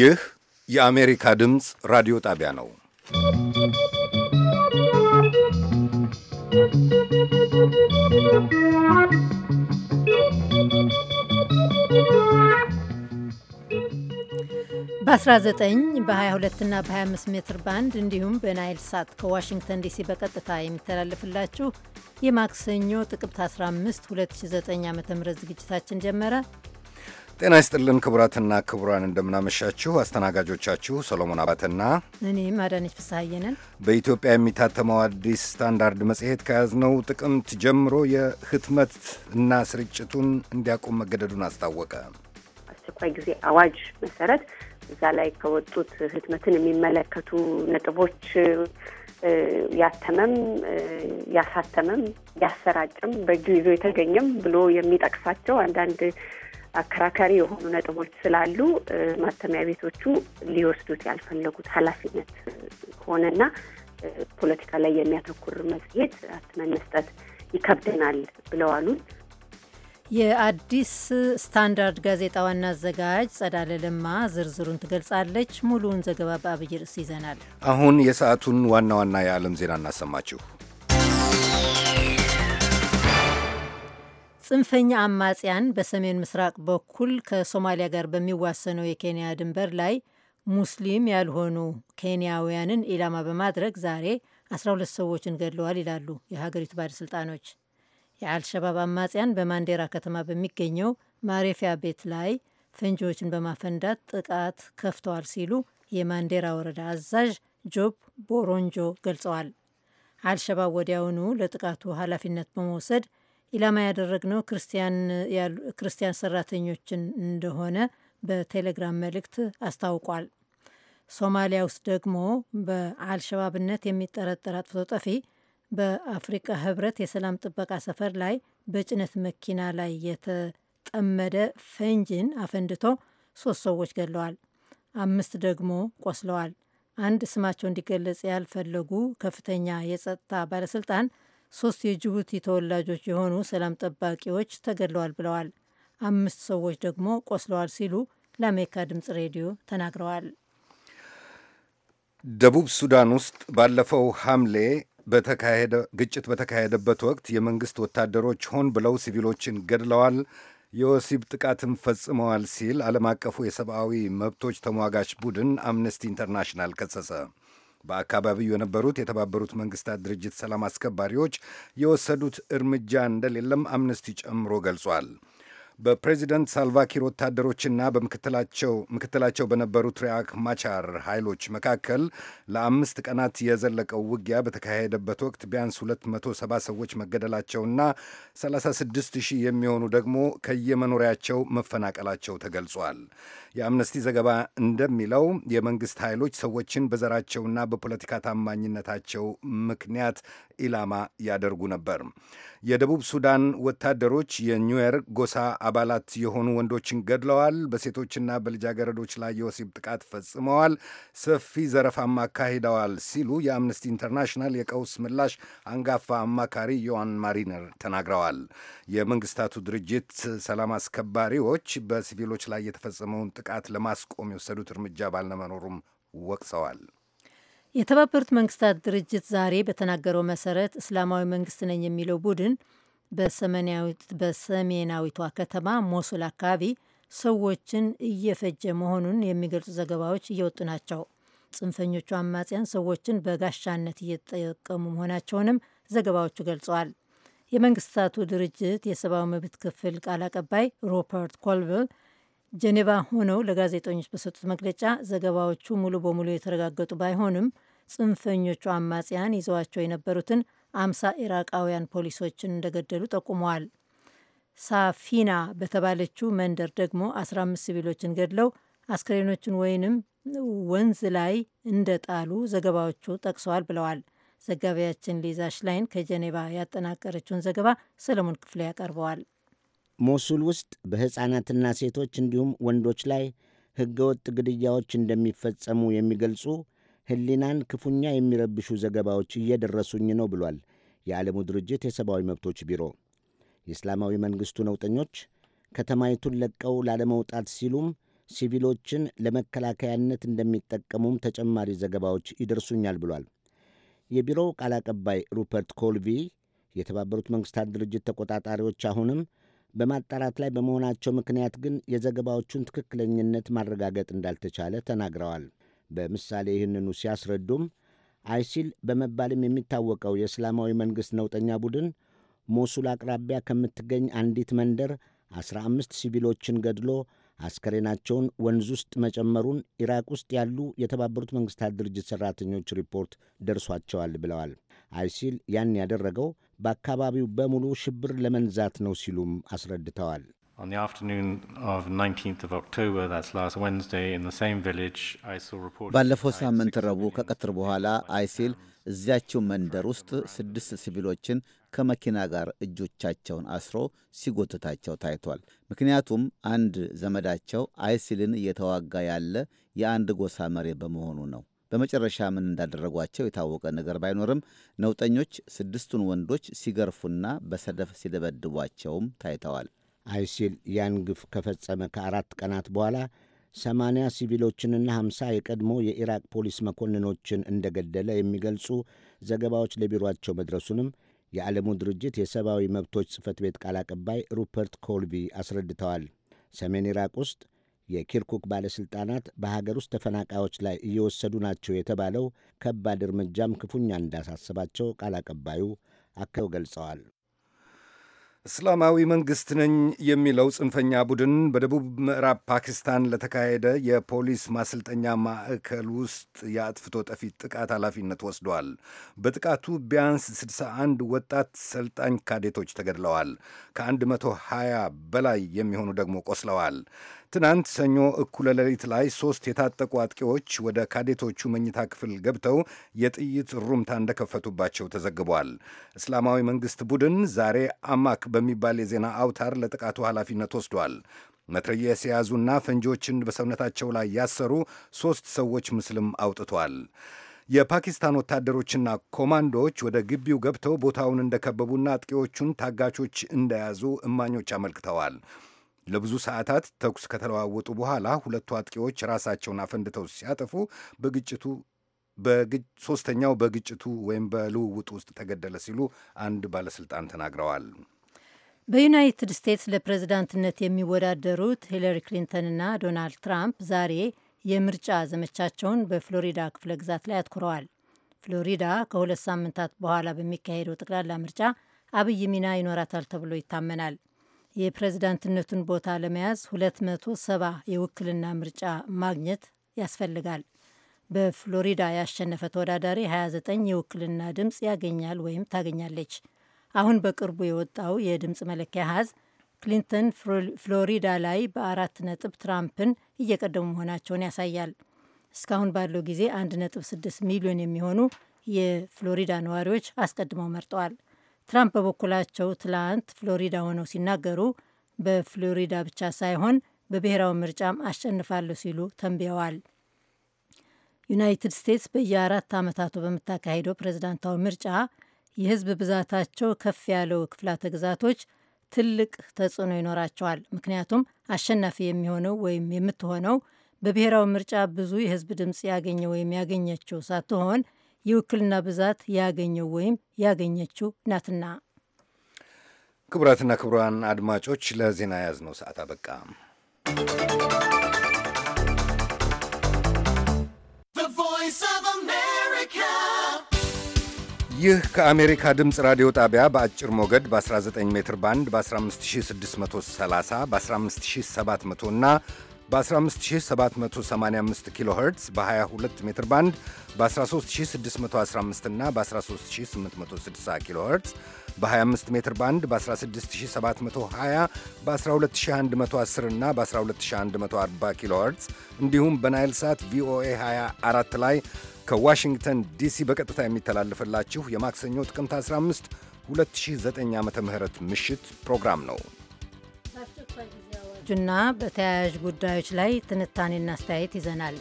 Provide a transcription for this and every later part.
ይህ የአሜሪካ ድምፅ ራዲዮ ጣቢያ ነው። በ19 በ22 እና በ25 ሜትር ባንድ እንዲሁም በናይል ሳት ከዋሽንግተን ዲሲ በቀጥታ የሚተላለፍላችሁ የማክሰኞ ጥቅምት 15 2009 ዓ ም ዝግጅታችን ጀመረ። ጤና ይስጥልን ክቡራትና ክቡራን፣ እንደምናመሻችሁ። አስተናጋጆቻችሁ ሰሎሞን አባትና እኔም አዳነች ፍስሐዬ በኢትዮጵያ የሚታተመው አዲስ ስታንዳርድ መጽሔት ከያዝነው ጥቅምት ጀምሮ የህትመት እና ስርጭቱን እንዲያቆም መገደዱን አስታወቀ። አስቸኳይ ጊዜ አዋጅ መሰረት እዛ ላይ ከወጡት ህትመትን የሚመለከቱ ነጥቦች ያተመም ያሳተመም ያሰራጭም በእጁ ይዞ የተገኘም ብሎ የሚጠቅሳቸው አንዳንድ አከራካሪ የሆኑ ነጥቦች ስላሉ ማተሚያ ቤቶቹ ሊወስዱት ያልፈለጉት ኃላፊነት ሆነና ፖለቲካ ላይ የሚያተኩር መጽሔት አትመን መስጠት ይከብደናል ብለዋሉ። የአዲስ ስታንዳርድ ጋዜጣ ዋና አዘጋጅ ጸዳለ ለማ ዝርዝሩን ትገልጻለች። ሙሉውን ዘገባ በአብይ ርዕስ ይዘናል። አሁን የሰዓቱን ዋና ዋና የዓለም ዜና እናሰማችሁ። ጽንፈኛ አማጽያን በሰሜን ምስራቅ በኩል ከሶማሊያ ጋር በሚዋሰነው የኬንያ ድንበር ላይ ሙስሊም ያልሆኑ ኬንያውያንን ኢላማ በማድረግ ዛሬ 12 ሰዎችን ገድለዋል ይላሉ የሀገሪቱ ባለሥልጣኖች። የአልሸባብ አማጽያን በማንዴራ ከተማ በሚገኘው ማረፊያ ቤት ላይ ፈንጂዎችን በማፈንዳት ጥቃት ከፍተዋል ሲሉ የማንዴራ ወረዳ አዛዥ ጆብ ቦሮንጆ ገልጸዋል። አልሸባብ ወዲያውኑ ለጥቃቱ ኃላፊነት በመውሰድ ኢላማ ያደረግነው ክርስቲያን ሰራተኞችን እንደሆነ በቴሌግራም መልእክት አስታውቋል። ሶማሊያ ውስጥ ደግሞ በአልሸባብነት የሚጠረጠር አጥፍቶ ጠፊ በአፍሪቃ ህብረት የሰላም ጥበቃ ሰፈር ላይ በጭነት መኪና ላይ የተጠመደ ፈንጂን አፈንድቶ ሶስት ሰዎች ገለዋል። አምስት ደግሞ ቆስለዋል። አንድ ስማቸው እንዲገለጽ ያልፈለጉ ከፍተኛ የጸጥታ ባለስልጣን ሶስት የጅቡቲ ተወላጆች የሆኑ ሰላም ጠባቂዎች ተገድለዋል ብለዋል። አምስት ሰዎች ደግሞ ቆስለዋል ሲሉ ለአሜሪካ ድምፅ ሬዲዮ ተናግረዋል። ደቡብ ሱዳን ውስጥ ባለፈው ሐምሌ በተካሄደ ግጭት በተካሄደበት ወቅት የመንግሥት ወታደሮች ሆን ብለው ሲቪሎችን ገድለዋል፣ የወሲብ ጥቃትን ፈጽመዋል ሲል ዓለም አቀፉ የሰብአዊ መብቶች ተሟጋች ቡድን አምነስቲ ኢንተርናሽናል ከሰሰ። በአካባቢው የነበሩት የተባበሩት መንግስታት ድርጅት ሰላም አስከባሪዎች የወሰዱት እርምጃ እንደሌለም አምነስቲ ጨምሮ ገልጿል። በፕሬዚደንት ሳልቫኪር ወታደሮችና በምክትላቸው በነበሩት ሪያክ ማቻር ኃይሎች መካከል ለአምስት ቀናት የዘለቀው ውጊያ በተካሄደበት ወቅት ቢያንስ 270 ሰዎች መገደላቸውና 36 ሺህ የሚሆኑ ደግሞ ከየመኖሪያቸው መፈናቀላቸው ተገልጿል። የአምነስቲ ዘገባ እንደሚለው የመንግስት ኃይሎች ሰዎችን በዘራቸውና በፖለቲካ ታማኝነታቸው ምክንያት ኢላማ ያደርጉ ነበር። የደቡብ ሱዳን ወታደሮች የኒዌር ጎሳ አባላት የሆኑ ወንዶችን ገድለዋል፣ በሴቶችና በልጃገረዶች ላይ የወሲብ ጥቃት ፈጽመዋል፣ ሰፊ ዘረፋም አካሂደዋል ሲሉ የአምነስቲ ኢንተርናሽናል የቀውስ ምላሽ አንጋፋ አማካሪ ዮዋን ማሪነር ተናግረዋል። የመንግስታቱ ድርጅት ሰላም አስከባሪዎች በሲቪሎች ላይ የተፈጸመውን ጥቃት ለማስቆም የወሰዱት እርምጃ ባለመኖሩም ወቅሰዋል። የተባበሩት መንግስታት ድርጅት ዛሬ በተናገረው መሰረት እስላማዊ መንግስት ነኝ የሚለው ቡድን በሰሜናዊቷ ከተማ ሞሱል አካባቢ ሰዎችን እየፈጀ መሆኑን የሚገልጹ ዘገባዎች እየወጡ ናቸው። ጽንፈኞቹ አማጽያን ሰዎችን በጋሻነት እየተጠቀሙ መሆናቸውንም ዘገባዎቹ ገልጸዋል። የመንግስታቱ ድርጅት የሰብአዊ መብት ክፍል ቃል አቀባይ ሮፐርት ኮልቨል ጀኔቫ ሆነው ለጋዜጠኞች በሰጡት መግለጫ ዘገባዎቹ ሙሉ በሙሉ የተረጋገጡ ባይሆንም ጽንፈኞቹ አማጽያን ይዘዋቸው የነበሩትን አምሳ ኢራቃውያን ፖሊሶችን እንደገደሉ ጠቁመዋል። ሳፊና በተባለችው መንደር ደግሞ 15 ሲቪሎችን ገድለው አስክሬኖችን ወይንም ወንዝ ላይ እንደጣሉ ዘገባዎቹ ጠቅሰዋል ብለዋል። ዘጋቢያችን ሊዛ ሽላይን ከጀኔቫ ያጠናቀረችውን ዘገባ ሰለሞን ክፍሌ ያቀርበዋል። ሞሱል ውስጥ በሕፃናትና ሴቶች እንዲሁም ወንዶች ላይ ሕገወጥ ግድያዎች እንደሚፈጸሙ የሚገልጹ ሕሊናን ክፉኛ የሚረብሹ ዘገባዎች እየደረሱኝ ነው ብሏል የዓለሙ ድርጅት የሰብአዊ መብቶች ቢሮ። የእስላማዊ መንግሥቱ ነውጠኞች ከተማይቱን ለቀው ላለመውጣት ሲሉም ሲቪሎችን ለመከላከያነት እንደሚጠቀሙም ተጨማሪ ዘገባዎች ይደርሱኛል ብሏል። የቢሮው ቃል አቀባይ ሩፐርት ኮልቪ የተባበሩት መንግሥታት ድርጅት ተቆጣጣሪዎች አሁንም በማጣራት ላይ በመሆናቸው ምክንያት ግን የዘገባዎቹን ትክክለኝነት ማረጋገጥ እንዳልተቻለ ተናግረዋል። በምሳሌ ይህንኑ ሲያስረዱም አይሲል በመባልም የሚታወቀው የእስላማዊ መንግሥት ነውጠኛ ቡድን ሞሱል አቅራቢያ ከምትገኝ አንዲት መንደር 15 ሲቪሎችን ገድሎ አስከሬናቸውን ወንዝ ውስጥ መጨመሩን ኢራቅ ውስጥ ያሉ የተባበሩት መንግሥታት ድርጅት ሠራተኞች ሪፖርት ደርሷቸዋል ብለዋል። አይሲል ያን ያደረገው በአካባቢው በሙሉ ሽብር ለመንዛት ነው ሲሉም አስረድተዋል። On the afternoon of 19th of October, that's last Wednesday, in the same village, ISIL reported... ባለፈው ሳምንት ረቡዕ ከቀትር በኋላ አይሲል እዚያችው መንደር ውስጥ ስድስት ሲቪሎችን ከመኪና ጋር እጆቻቸውን አስሮ ሲጎትታቸው ታይቷል። ምክንያቱም አንድ ዘመዳቸው አይሲልን እየተዋጋ ያለ የአንድ ጎሳ መሪ በመሆኑ ነው። በመጨረሻ ምን እንዳደረጓቸው የታወቀ ነገር ባይኖርም ነውጠኞች ስድስቱን ወንዶች ሲገርፉና በሰደፍ ሲደበድቧቸውም ታይተዋል። አይሲል ያን ግፍ ከፈጸመ ከአራት ቀናት በኋላ ሰማንያ ሲቪሎችንና ሐምሳ የቀድሞ የኢራቅ ፖሊስ መኮንኖችን እንደገደለ የሚገልጹ ዘገባዎች ለቢሮአቸው መድረሱንም የዓለሙ ድርጅት የሰብአዊ መብቶች ጽፈት ቤት ቃል አቀባይ ሩፐርት ኮልቪ አስረድተዋል። ሰሜን ኢራቅ ውስጥ የኪርኩክ ባለሥልጣናት በሀገር ውስጥ ተፈናቃዮች ላይ እየወሰዱ ናቸው የተባለው ከባድ እርምጃም ክፉኛ እንዳሳሰባቸው ቃል አቀባዩ አክለው ገልጸዋል። እስላማዊ መንግሥት ነኝ የሚለው ጽንፈኛ ቡድን በደቡብ ምዕራብ ፓኪስታን ለተካሄደ የፖሊስ ማሰልጠኛ ማዕከል ውስጥ የአጥፍቶ ጠፊ ጥቃት ኃላፊነት ወስዷል። በጥቃቱ ቢያንስ 61 ወጣት ሰልጣኝ ካዴቶች ተገድለዋል። ከ120 በላይ የሚሆኑ ደግሞ ቆስለዋል። ትናንት ሰኞ እኩለ ሌሊት ላይ ሶስት የታጠቁ አጥቂዎች ወደ ካዴቶቹ መኝታ ክፍል ገብተው የጥይት ሩምታ እንደከፈቱባቸው ተዘግቧል። እስላማዊ መንግስት ቡድን ዛሬ አማክ በሚባል የዜና አውታር ለጥቃቱ ኃላፊነት ወስዷል። መትረየስ የያዙና ፈንጂዎችን በሰውነታቸው ላይ ያሰሩ ሦስት ሰዎች ምስልም አውጥቷል። የፓኪስታን ወታደሮችና ኮማንዶዎች ወደ ግቢው ገብተው ቦታውን እንደከበቡና አጥቂዎቹን ታጋቾች እንደያዙ እማኞች አመልክተዋል። ለብዙ ሰዓታት ተኩስ ከተለዋወጡ በኋላ ሁለቱ አጥቂዎች ራሳቸውን አፈንድተው ሲያጠፉ በግጭቱ ሶስተኛው በግጭቱ ወይም በልውውጡ ውስጥ ተገደለ ሲሉ አንድ ባለስልጣን ተናግረዋል። በዩናይትድ ስቴትስ ለፕሬዝዳንትነት የሚወዳደሩት ሂለሪ ክሊንተንና ዶናልድ ትራምፕ ዛሬ የምርጫ ዘመቻቸውን በፍሎሪዳ ክፍለ ግዛት ላይ አትኩረዋል። ፍሎሪዳ ከሁለት ሳምንታት በኋላ በሚካሄደው ጠቅላላ ምርጫ አብይ ሚና ይኖራታል ተብሎ ይታመናል። የፕሬዝዳንትነቱን ቦታ ለመያዝ 270 የውክልና ምርጫ ማግኘት ያስፈልጋል። በፍሎሪዳ ያሸነፈ ተወዳዳሪ 29 የውክልና ድምፅ ያገኛል ወይም ታገኛለች። አሁን በቅርቡ የወጣው የድምፅ መለኪያ ሀዝ ክሊንተን ፍሎሪዳ ላይ በአራት ነጥብ ትራምፕን እየቀደሙ መሆናቸውን ያሳያል። እስካሁን ባለው ጊዜ 1.6 ሚሊዮን የሚሆኑ የፍሎሪዳ ነዋሪዎች አስቀድመው መርጠዋል። ትራምፕ በበኩላቸው ትላንት ፍሎሪዳ ሆነው ሲናገሩ በፍሎሪዳ ብቻ ሳይሆን በብሔራዊ ምርጫም አሸንፋለሁ ሲሉ ተንብየዋል። ዩናይትድ ስቴትስ በየአራት ዓመታቱ በምታካሄደው ፕሬዝዳንታዊ ምርጫ የህዝብ ብዛታቸው ከፍ ያለው ክፍላተ ግዛቶች ትልቅ ተጽዕኖ ይኖራቸዋል። ምክንያቱም አሸናፊ የሚሆነው ወይም የምትሆነው በብሔራዊ ምርጫ ብዙ የህዝብ ድምፅ ያገኘ ወይም ያገኘችው ሳትሆን የውክልና ብዛት ያገኘው ወይም ያገኘችው ናትና። ክቡራትና ክቡራን አድማጮች ለዜና የያዝነው ሰዓት አበቃ። ይህ ከአሜሪካ ድምፅ ራዲዮ ጣቢያ በአጭር ሞገድ በ19 ሜትር ባንድ በ15630 በ15700 እና በ15785 ኪሎ ኸርትዝ በ22 ሜትር ባንድ በ13615 እና በ13860 ኪሎ ኸርትዝ በ25 ሜትር ባንድ በ16720 በ12110 እና በ12140 ኪሎ ኸርትዝ እንዲሁም በናይል ሳት ቪኦኤ 24 ላይ ከዋሽንግተን ዲሲ በቀጥታ የሚተላለፍላችሁ የማክሰኞ ጥቅምት 15 2009 ዓ ም ምሽት ፕሮግራም ነው። በተዘጋጁና በተያያዥ ጉዳዮች ላይ ትንታኔና አስተያየት ይዘናል።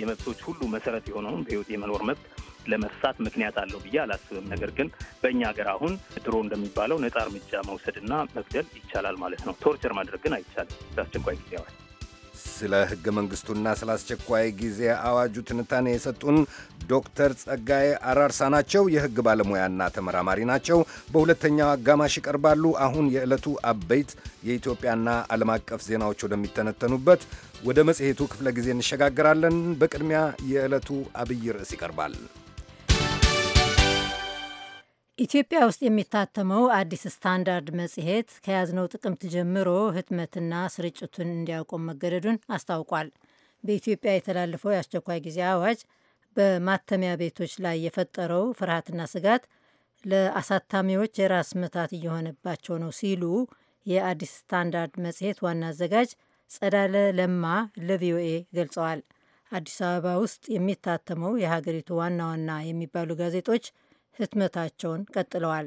የመብቶች ሁሉ መሰረት የሆነውን በህይወት የመኖር መብት ለመርሳት ምክንያት አለው ብዬ አላስብም። ነገር ግን በእኛ ሀገር አሁን ድሮ እንደሚባለው ነጻ እርምጃ መውሰድና መግደል ይቻላል ማለት ነው። ቶርቸር ማድረግ ግን አይቻልም። በአስቸኳይ ጊዜ አዋጅ ስለ ሕገ መንግሥቱና ስለ አስቸኳይ ጊዜ አዋጁ ትንታኔ የሰጡን ዶክተር ጸጋዬ አራርሳ ናቸው። የሕግ ባለሙያና ተመራማሪ ናቸው። በሁለተኛው አጋማሽ ይቀርባሉ። አሁን የዕለቱ አበይት የኢትዮጵያና ዓለም አቀፍ ዜናዎች ወደሚተነተኑበት ወደ መጽሔቱ ክፍለ ጊዜ እንሸጋግራለን። በቅድሚያ የዕለቱ አብይ ርዕስ ይቀርባል። ኢትዮጵያ ውስጥ የሚታተመው አዲስ ስታንዳርድ መጽሔት ከያዝነው ጥቅምት ጀምሮ ህትመትና ስርጭቱን እንዲያቆም መገደዱን አስታውቋል። በኢትዮጵያ የተላለፈው የአስቸኳይ ጊዜ አዋጅ በማተሚያ ቤቶች ላይ የፈጠረው ፍርሃትና ስጋት ለአሳታሚዎች የራስ ምታት እየሆነባቸው ነው ሲሉ የአዲስ ስታንዳርድ መጽሔት ዋና አዘጋጅ ጸዳለ ለማ ለቪኦኤ ገልጸዋል። አዲስ አበባ ውስጥ የሚታተመው የሀገሪቱ ዋና ዋና የሚባሉ ጋዜጦች ህትመታቸውን ቀጥለዋል።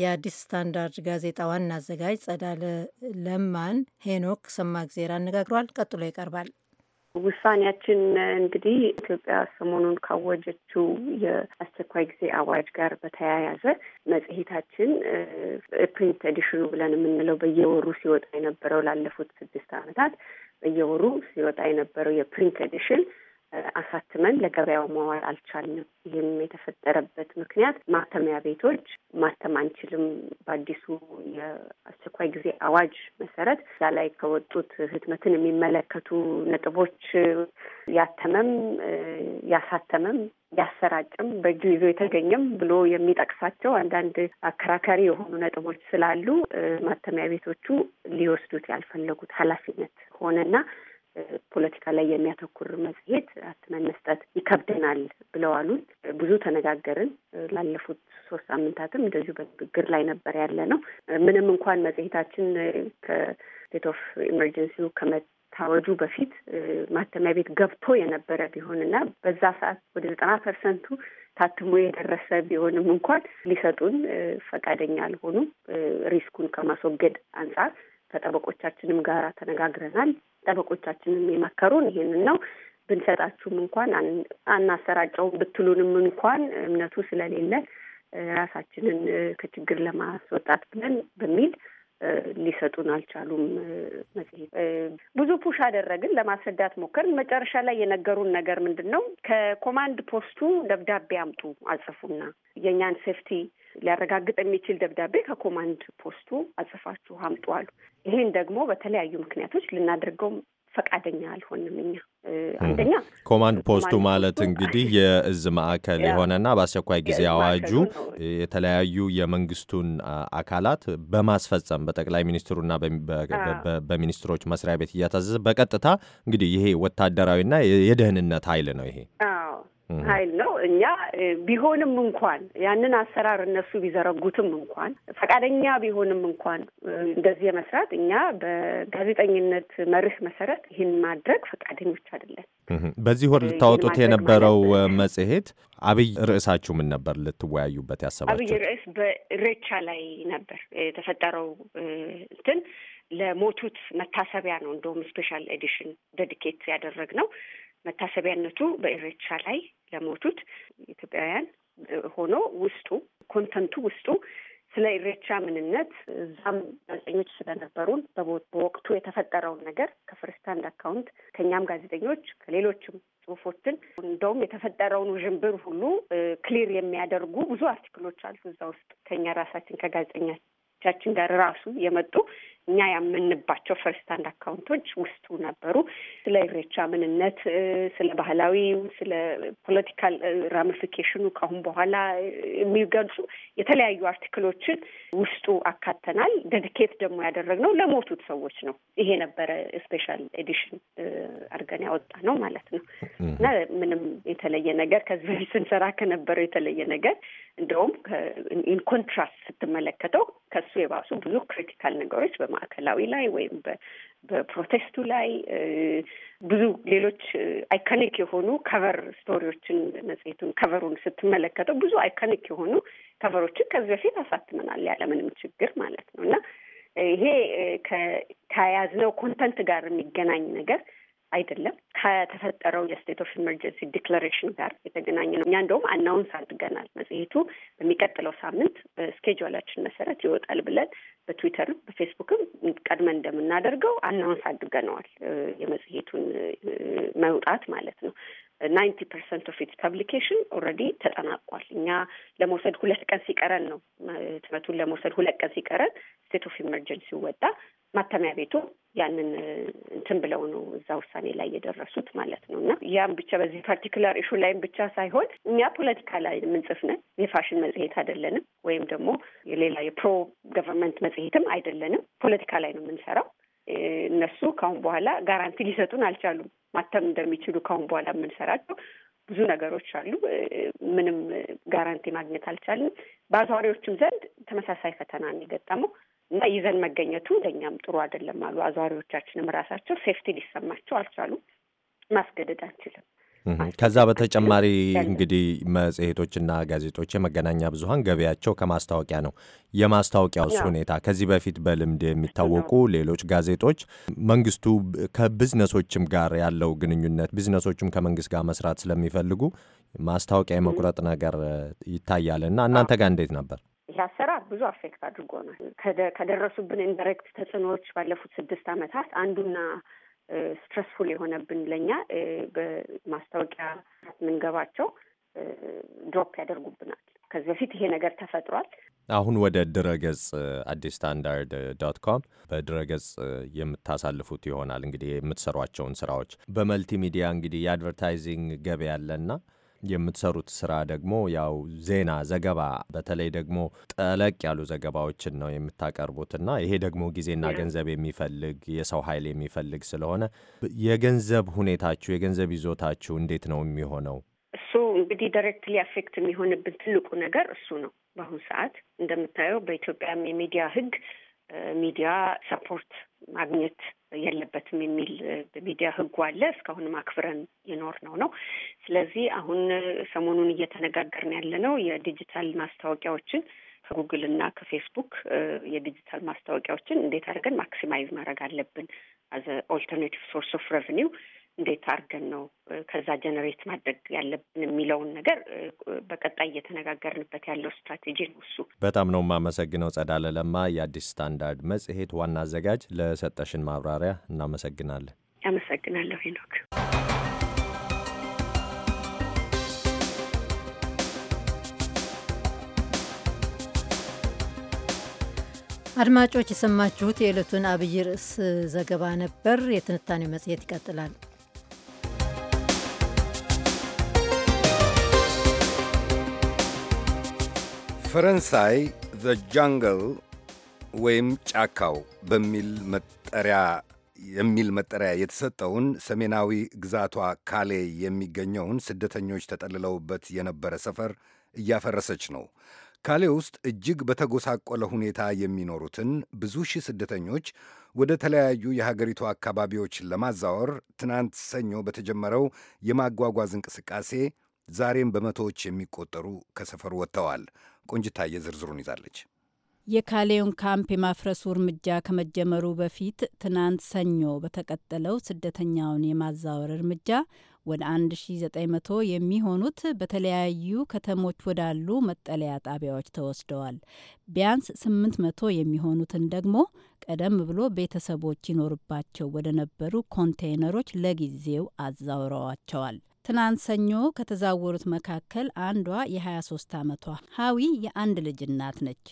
የአዲስ ስታንዳርድ ጋዜጣ ዋና አዘጋጅ ጸዳለ ለማን ሄኖክ ሰማግዜር አነጋግሯል። ቀጥሎ ይቀርባል። ውሳኔያችን እንግዲህ ኢትዮጵያ ሰሞኑን ካወጀችው የአስቸኳይ ጊዜ አዋጅ ጋር በተያያዘ መጽሔታችን ፕሪንት ኤዲሽኑ ብለን የምንለው በየወሩ ሲወጣ የነበረው ላለፉት ስድስት ዓመታት በየወሩ ሲወጣ የነበረው የፕሪንት ኤዲሽን አሳትመን ለገበያው መዋል አልቻልንም። ይህም የተፈጠረበት ምክንያት ማተሚያ ቤቶች ማተም አንችልም፣ በአዲሱ የአስቸኳይ ጊዜ አዋጅ መሰረት እዛ ላይ ከወጡት ህትመትን የሚመለከቱ ነጥቦች ያተመም ያሳተመም ያሰራጭም በእጁ ይዞ የተገኘም ብሎ የሚጠቅሳቸው አንዳንድ አከራካሪ የሆኑ ነጥቦች ስላሉ ማተሚያ ቤቶቹ ሊወስዱት ያልፈለጉት ኃላፊነት ሆነና ፖለቲካ ላይ የሚያተኩር መጽሔት አትመን መስጠት ይከብደናል ብለው አሉን። ብዙ ተነጋገርን። ላለፉት ሶስት ሳምንታትም እንደዚሁ በግግር ላይ ነበር ያለ ነው። ምንም እንኳን መጽሔታችን ከስቴት ኦፍ ኢመርጀንሲው ከመታወጁ በፊት ማተሚያ ቤት ገብቶ የነበረ እና በዛ ሰዓት ወደ ዘጠና ፐርሰንቱ ታትሞ የደረሰ ቢሆንም እንኳን ሊሰጡን ፈቃደኛ አልሆኑም። ሪስኩን ከማስወገድ አንጻር ከጠበቆቻችንም ጋር ተነጋግረናል። ጠበቆቻችንም የመከሩን ይሄንን ነው። ብንሰጣችሁም እንኳን አናሰራጨውም ብትሉንም እንኳን እምነቱ ስለሌለ ራሳችንን ከችግር ለማስወጣት ብለን በሚል ሊሰጡን አልቻሉም። መጽሔት ብዙ ፑሽ አደረግን፣ ለማስረዳት ሞከርን። መጨረሻ ላይ የነገሩን ነገር ምንድን ነው? ከኮማንድ ፖስቱ ደብዳቤ አምጡ አጽፉና የእኛን ሴፍቲ ሊያረጋግጥ የሚችል ደብዳቤ ከኮማንድ ፖስቱ አጽፋችሁ አምጡ አሉ። ይሄን ደግሞ በተለያዩ ምክንያቶች ልናደርገው ፈቃደኛ አልሆንም። እኛ አንደኛ ኮማንድ ፖስቱ ማለት እንግዲህ የእዝ ማዕከል የሆነና በአስቸኳይ ጊዜ አዋጁ የተለያዩ የመንግስቱን አካላት በማስፈጸም በጠቅላይ ሚኒስትሩና በሚኒስትሮች መስሪያ ቤት እያታዘዘ በቀጥታ እንግዲህ ይሄ ወታደራዊና የደህንነት ኃይል ነው። ይሄ ኃይል ነው። እኛ ቢሆንም እንኳን ያንን አሰራር እነሱ ቢዘረጉትም እንኳን ፈቃደኛ ቢሆንም እንኳን እንደዚህ የመስራት እኛ በጋዜጠኝነት መርህ መሰረት ይህን ማድረግ ፈቃደኞች አይደለን። በዚህ ወር ልታወጡት የነበረው መጽሔት አብይ ርዕሳችሁ ምን ነበር? ልትወያዩበት ያሰባችሁ አብይ ርዕስ በሬቻ ላይ ነበር የተፈጠረው እንትን ለሞቱት መታሰቢያ ነው። እንደውም ስፔሻል ኤዲሽን ዴዲኬት ያደረግ ነው። መታሰቢያነቱ በኢሬቻ ላይ ለሞቱት ኢትዮጵያውያን ሆኖ ውስጡ ኮንተንቱ ውስጡ ስለ ኢሬቻ ምንነት እዛም ጋዜጠኞች ስለነበሩን በወቅቱ የተፈጠረውን ነገር ከፍርስታንድ አካውንት ከእኛም ጋዜጠኞች ከሌሎችም ጽሁፎችን እንደውም የተፈጠረውን ውዥንብር ሁሉ ክሊር የሚያደርጉ ብዙ አርቲክሎች አሉ እዛ ውስጥ ከኛ ራሳችን ከጋዜጠኞቻችን ጋር ራሱ የመጡ እኛ ያመንባቸው ፈርስት አንድ አካውንቶች ውስጡ ነበሩ። ስለ ኢሬቻ ምንነት፣ ስለ ባህላዊ ስለ ፖለቲካል ራሚፊኬሽኑ ከአሁን በኋላ የሚገልጹ የተለያዩ አርቲክሎችን ውስጡ አካተናል። ደድኬት ደግሞ ያደረግነው ለሞቱት ሰዎች ነው። ይሄ ነበረ ስፔሻል ኤዲሽን አድርገን ያወጣ ነው ማለት ነው እና ምንም የተለየ ነገር ከዚህ በፊት ስንሰራ ከነበረው የተለየ ነገር እንደውም ኢን ኮንትራስት ስትመለከተው ከሱ የባሱ ብዙ ክሪቲካል ነገሮች በማ በማዕከላዊ ላይ ወይም በፕሮቴስቱ ላይ ብዙ ሌሎች አይካኒክ የሆኑ ከቨር ስቶሪዎችን መጽሔቱን ከቨሩን ስትመለከተው ብዙ አይካኒክ የሆኑ ከቨሮችን ከዚህ በፊት አሳትመናል ያለምንም ችግር ማለት ነው እና ይሄ ከያዝነው ኮንተንት ጋር የሚገናኝ ነገር አይደለም ከተፈጠረው የስቴት ኦፍ ኢመርጀንሲ ዲክላሬሽን ጋር የተገናኘ ነው። እኛ እንደውም አናውንስ አድርገናል። መጽሔቱ በሚቀጥለው ሳምንት በስኬጁላችን መሰረት ይወጣል ብለን በትዊተርም በፌስቡክም ቀድመን እንደምናደርገው አናውንስ አድርገነዋል። የመጽሔቱን መውጣት ማለት ነው። ናይንቲ ፐርሰንት ኦፍ ኢትስ ፐብሊኬሽን ኦልሬዲ ተጠናቋል። እኛ ለመውሰድ ሁለት ቀን ሲቀረን ነው ህትመቱን ለመውሰድ ሁለት ቀን ሲቀረን ስቴት ኦፍ ኢመርጀንሲ ወጣ። ማተሚያ ቤቱ ያንን እንትን ብለው ነው እዛ ውሳኔ ላይ የደረሱት ማለት ነው። እና ያም ብቻ በዚህ ፓርቲኩላር ኢሹ ላይም ብቻ ሳይሆን እኛ ፖለቲካ ላይ የምንጽፍ ነን። የፋሽን መጽሔት አይደለንም፣ ወይም ደግሞ የሌላ የፕሮ ገቨርንመንት መጽሔትም አይደለንም። ፖለቲካ ላይ ነው የምንሰራው። እነሱ ካሁን በኋላ ጋራንቲ ሊሰጡን አልቻሉም። ማተም እንደሚችሉ ካሁን በኋላ የምንሰራቸው ብዙ ነገሮች አሉ። ምንም ጋራንቲ ማግኘት አልቻልንም። በአዟሪዎችም ዘንድ ተመሳሳይ ፈተና የገጠመው። እና ይዘን መገኘቱ ለእኛም ጥሩ አይደለም አሉ። አዟሪዎቻችንም ራሳቸው ሴፍቲ ሊሰማቸው አልቻሉም። ማስገደድ አንችልም። ከዛ በተጨማሪ እንግዲህ መጽሔቶችና ጋዜጦች የመገናኛ ብዙኃን ገበያቸው ከማስታወቂያ ነው። የማስታወቂያውስ ሁኔታ ከዚህ በፊት በልምድ የሚታወቁ ሌሎች ጋዜጦች መንግስቱ ከቢዝነሶችም ጋር ያለው ግንኙነት ቢዝነሶችም ከመንግስት ጋር መስራት ስለሚፈልጉ ማስታወቂያ የመቁረጥ ነገር ይታያል እና እናንተ ጋር እንዴት ነበር? ብዙ አፌክት አድርጎናል። ከደረሱብን ኢንዳይሬክት ተጽዕኖዎች ባለፉት ስድስት ዓመታት አንዱና ስትረስፉል የሆነብን ለኛ በማስታወቂያ ምንገባቸው ድሮፕ ያደርጉብናል። ከዚህ በፊት ይሄ ነገር ተፈጥሯል። አሁን ወደ ድረ ገጽ አዲስ ስታንዳርድ ዶት ኮም ገጽ የምታሳልፉት ይሆናል እንግዲህ የምትሰሯቸውን ስራዎች በመልቲ ሚዲያ እንግዲህ የአድቨርታይዚንግ ገበያ አለና የምትሰሩት ስራ ደግሞ ያው ዜና፣ ዘገባ በተለይ ደግሞ ጠለቅ ያሉ ዘገባዎችን ነው የምታቀርቡት ና ይሄ ደግሞ ጊዜና ገንዘብ የሚፈልግ የሰው ኃይል የሚፈልግ ስለሆነ የገንዘብ ሁኔታችሁ የገንዘብ ይዞታችሁ እንዴት ነው የሚሆነው? እሱ እንግዲህ ዳይሬክትሊ አፌክት የሚሆንብን ትልቁ ነገር እሱ ነው። በአሁኑ ሰዓት እንደምታየው በኢትዮጵያም የሚዲያ ህግ ሚዲያ ሰፖርት ማግኘት የለበትም የሚል በሚዲያ ህጉ አለ። እስካሁንም አክብረን ይኖር ነው ነው። ስለዚህ አሁን ሰሞኑን እየተነጋገርን ያለ ነው የዲጂታል ማስታወቂያዎችን ከጉግል እና ከፌስቡክ የዲጂታል ማስታወቂያዎችን እንዴት አድርገን ማክሲማይዝ ማድረግ አለብን አዘ ኦልተርኔቲቭ ሶርስ ኦፍ ሬቨኒው እንዴት አድርገን ነው ከዛ ጀነሬት ማድረግ ያለብን የሚለውን ነገር በቀጣይ እየተነጋገርንበት ያለው ስትራቴጂ ነው እሱ። በጣም ነው የማመሰግነው ጸዳለ ለማ፣ የአዲስ ስታንዳርድ መጽሔት ዋና አዘጋጅ፣ ለሰጠሽን ማብራሪያ እናመሰግናለን። አመሰግናለሁ ሄኖክ። አድማጮች የሰማችሁት የዕለቱን አብይ ርዕስ ዘገባ ነበር። የትንታኔው መጽሔት ይቀጥላል። ፈረንሳይ ዘ ጃንግል ወይም ጫካው በሚል መጠሪያ የሚል መጠሪያ የተሰጠውን ሰሜናዊ ግዛቷ ካሌ የሚገኘውን ስደተኞች ተጠልለውበት የነበረ ሰፈር እያፈረሰች ነው። ካሌ ውስጥ እጅግ በተጎሳቆለ ሁኔታ የሚኖሩትን ብዙ ሺህ ስደተኞች ወደ ተለያዩ የሀገሪቱ አካባቢዎች ለማዛወር ትናንት ሰኞ በተጀመረው የማጓጓዝ እንቅስቃሴ ዛሬም በመቶዎች የሚቆጠሩ ከሰፈሩ ወጥተዋል። ቆንጅታየ ዝርዝሩን ይዛለች። የካሌውን ካምፕ የማፍረሱ እርምጃ ከመጀመሩ በፊት ትናንት ሰኞ በተቀጠለው ስደተኛውን የማዛወር እርምጃ ወደ 1900 የሚሆኑት በተለያዩ ከተሞች ወዳሉ መጠለያ ጣቢያዎች ተወስደዋል። ቢያንስ 800 የሚሆኑትን ደግሞ ቀደም ብሎ ቤተሰቦች ይኖርባቸው ወደ ነበሩ ኮንቴይነሮች ለጊዜው አዛውረዋቸዋል። ትናንት ሰኞ ከተዛወሩት መካከል አንዷ የ23 ዓመቷ ሀዊ የአንድ ልጅ እናት ነች።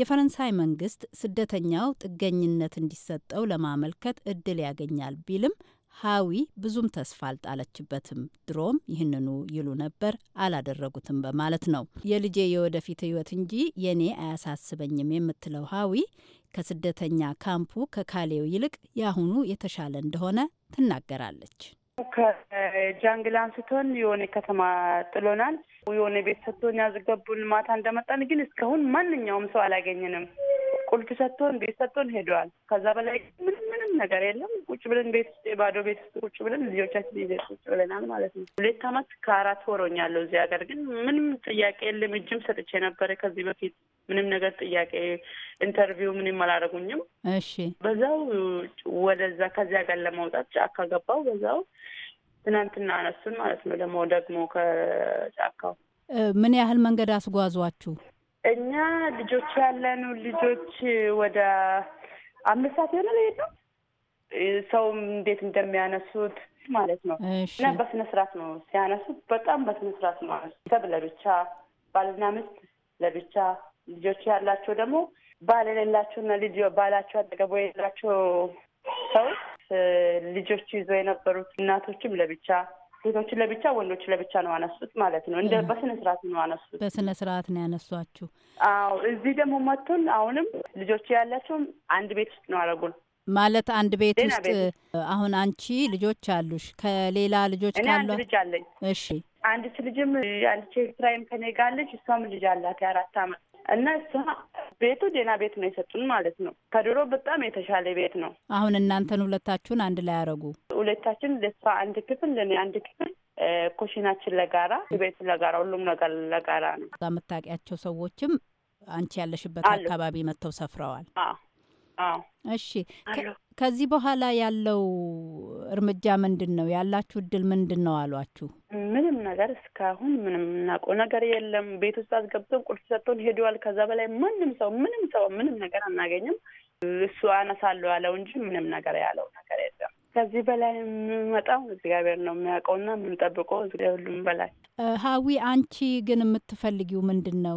የፈረንሳይ መንግስት ስደተኛው ጥገኝነት እንዲሰጠው ለማመልከት እድል ያገኛል ቢልም ሀዊ ብዙም ተስፋ አልጣለችበትም። ድሮም ይህንኑ ይሉ ነበር አላደረጉትም በማለት ነው። የልጄ የወደፊት ህይወት እንጂ የኔ አያሳስበኝም የምትለው ሀዊ ከስደተኛ ካምፑ ከካሌው ይልቅ የአሁኑ የተሻለ እንደሆነ ትናገራለች። ከጃንግል አንስቶን የሆነ ከተማ ጥሎናል። የሆነ ቤት ሰጥቶን ያዝገቡን። ማታ እንደመጣን ግን እስካሁን ማንኛውም ሰው አላገኘንም። ቁልፍ ሰጥቶን ቤት ሰጥቶን ሄደዋል። ከዛ በላይ ምንም ምንም ነገር የለም። ቁጭ ብለን ቤት ውስጥ ቤት ውስጥ ቁጭ ብለን ልጆቻችን ይዘ ቁጭ ብለናል ማለት ነው። ሁለት አመት ከአራት ወሮኛለሁ እዚህ ሀገር ግን ምንም ጥያቄ የለም። እጅም ሰጥቼ ነበረ ከዚህ በፊት ምንም ነገር ጥያቄ ኢንተርቪው ምንም አላደረጉኝም። እሺ በዛው ወደዛ ከዚያ ጋር ለመውጣት ጫካ ገባው። በዛው ትናንትና አነሱን ማለት ነው። ደግሞ ደግሞ ከጫካው ምን ያህል መንገድ አስጓዟችሁ? እኛ ልጆች ያለን ልጆች ወደ አምስት ሰዓት የሆነ ሄድ ነው። ሰውም እንዴት እንደሚያነሱት ማለት ነው። እና በስነ ስርዓት ነው ሲያነሱት፣ በጣም በስነ ስርዓት ነው። ሰብ ለብቻ ባልና ሚስት ለብቻ ልጆች ያላቸው ደግሞ ባል የሌላቸውና ልጅ ባላቸው አጠገቡ የሌላቸው ሰዎች ልጆች ይዞ የነበሩት እናቶችም ለብቻ ሴቶችን ለብቻ ወንዶች ለብቻ ነው አነሱት ማለት ነው። እንደ በስነ ስርዓት ነው አነሱት። በስነ ስርዓት ነው ያነሷችሁ? አዎ። እዚህ ደግሞ መቶን አሁንም ልጆች ያላቸውም አንድ ቤት ውስጥ ነው አረጉን ማለት አንድ ቤት ውስጥ አሁን አንቺ ልጆች አሉሽ? ከሌላ ልጆች ካሉ? እኔ አንድ ልጅ አለኝ። እሺ። አንዲት ልጅም አንዲት ኤርትራዊም ከኔ ጋር አለች። እሷም ልጅ አላት የአራት አመት እና እሷ ቤቱ ዜና ቤት ነው የሰጡን ማለት ነው። ከድሮ በጣም የተሻለ ቤት ነው። አሁን እናንተን ሁለታችሁን አንድ ላይ ያደረጉ ሁለታችን ለሷ አንድ ክፍል ለእኔ አንድ ክፍል ኮሽናችን ለጋራ ቤቱ ለጋራ ሁሉም ነገር ለጋራ ነው። የምታውቂያቸው ሰዎችም አንቺ ያለሽበት አካባቢ መጥተው ሰፍረዋል። እሺ፣ ከዚህ በኋላ ያለው እርምጃ ምንድን ነው? ያላችሁ እድል ምንድን ነው አሏችሁ? ምንም ነገር እስካሁን ምንም እናውቀው ነገር የለም። ቤት ውስጥ አስገብተን ቁልፍ ሰጥቶን ሄደዋል። ከዛ በላይ ማንም ሰው ምንም ሰው ምንም ነገር አናገኝም። እሱ አነሳለሁ ያለው እንጂ ምንም ነገር ያለው ነገር የለም። ከዚህ በላይ የምመጣው እግዚአብሔር ነው የሚያውቀውና የምንጠብቀው ሁሉም በላይ። ሀዊ አንቺ ግን የምትፈልጊው ምንድን ነው?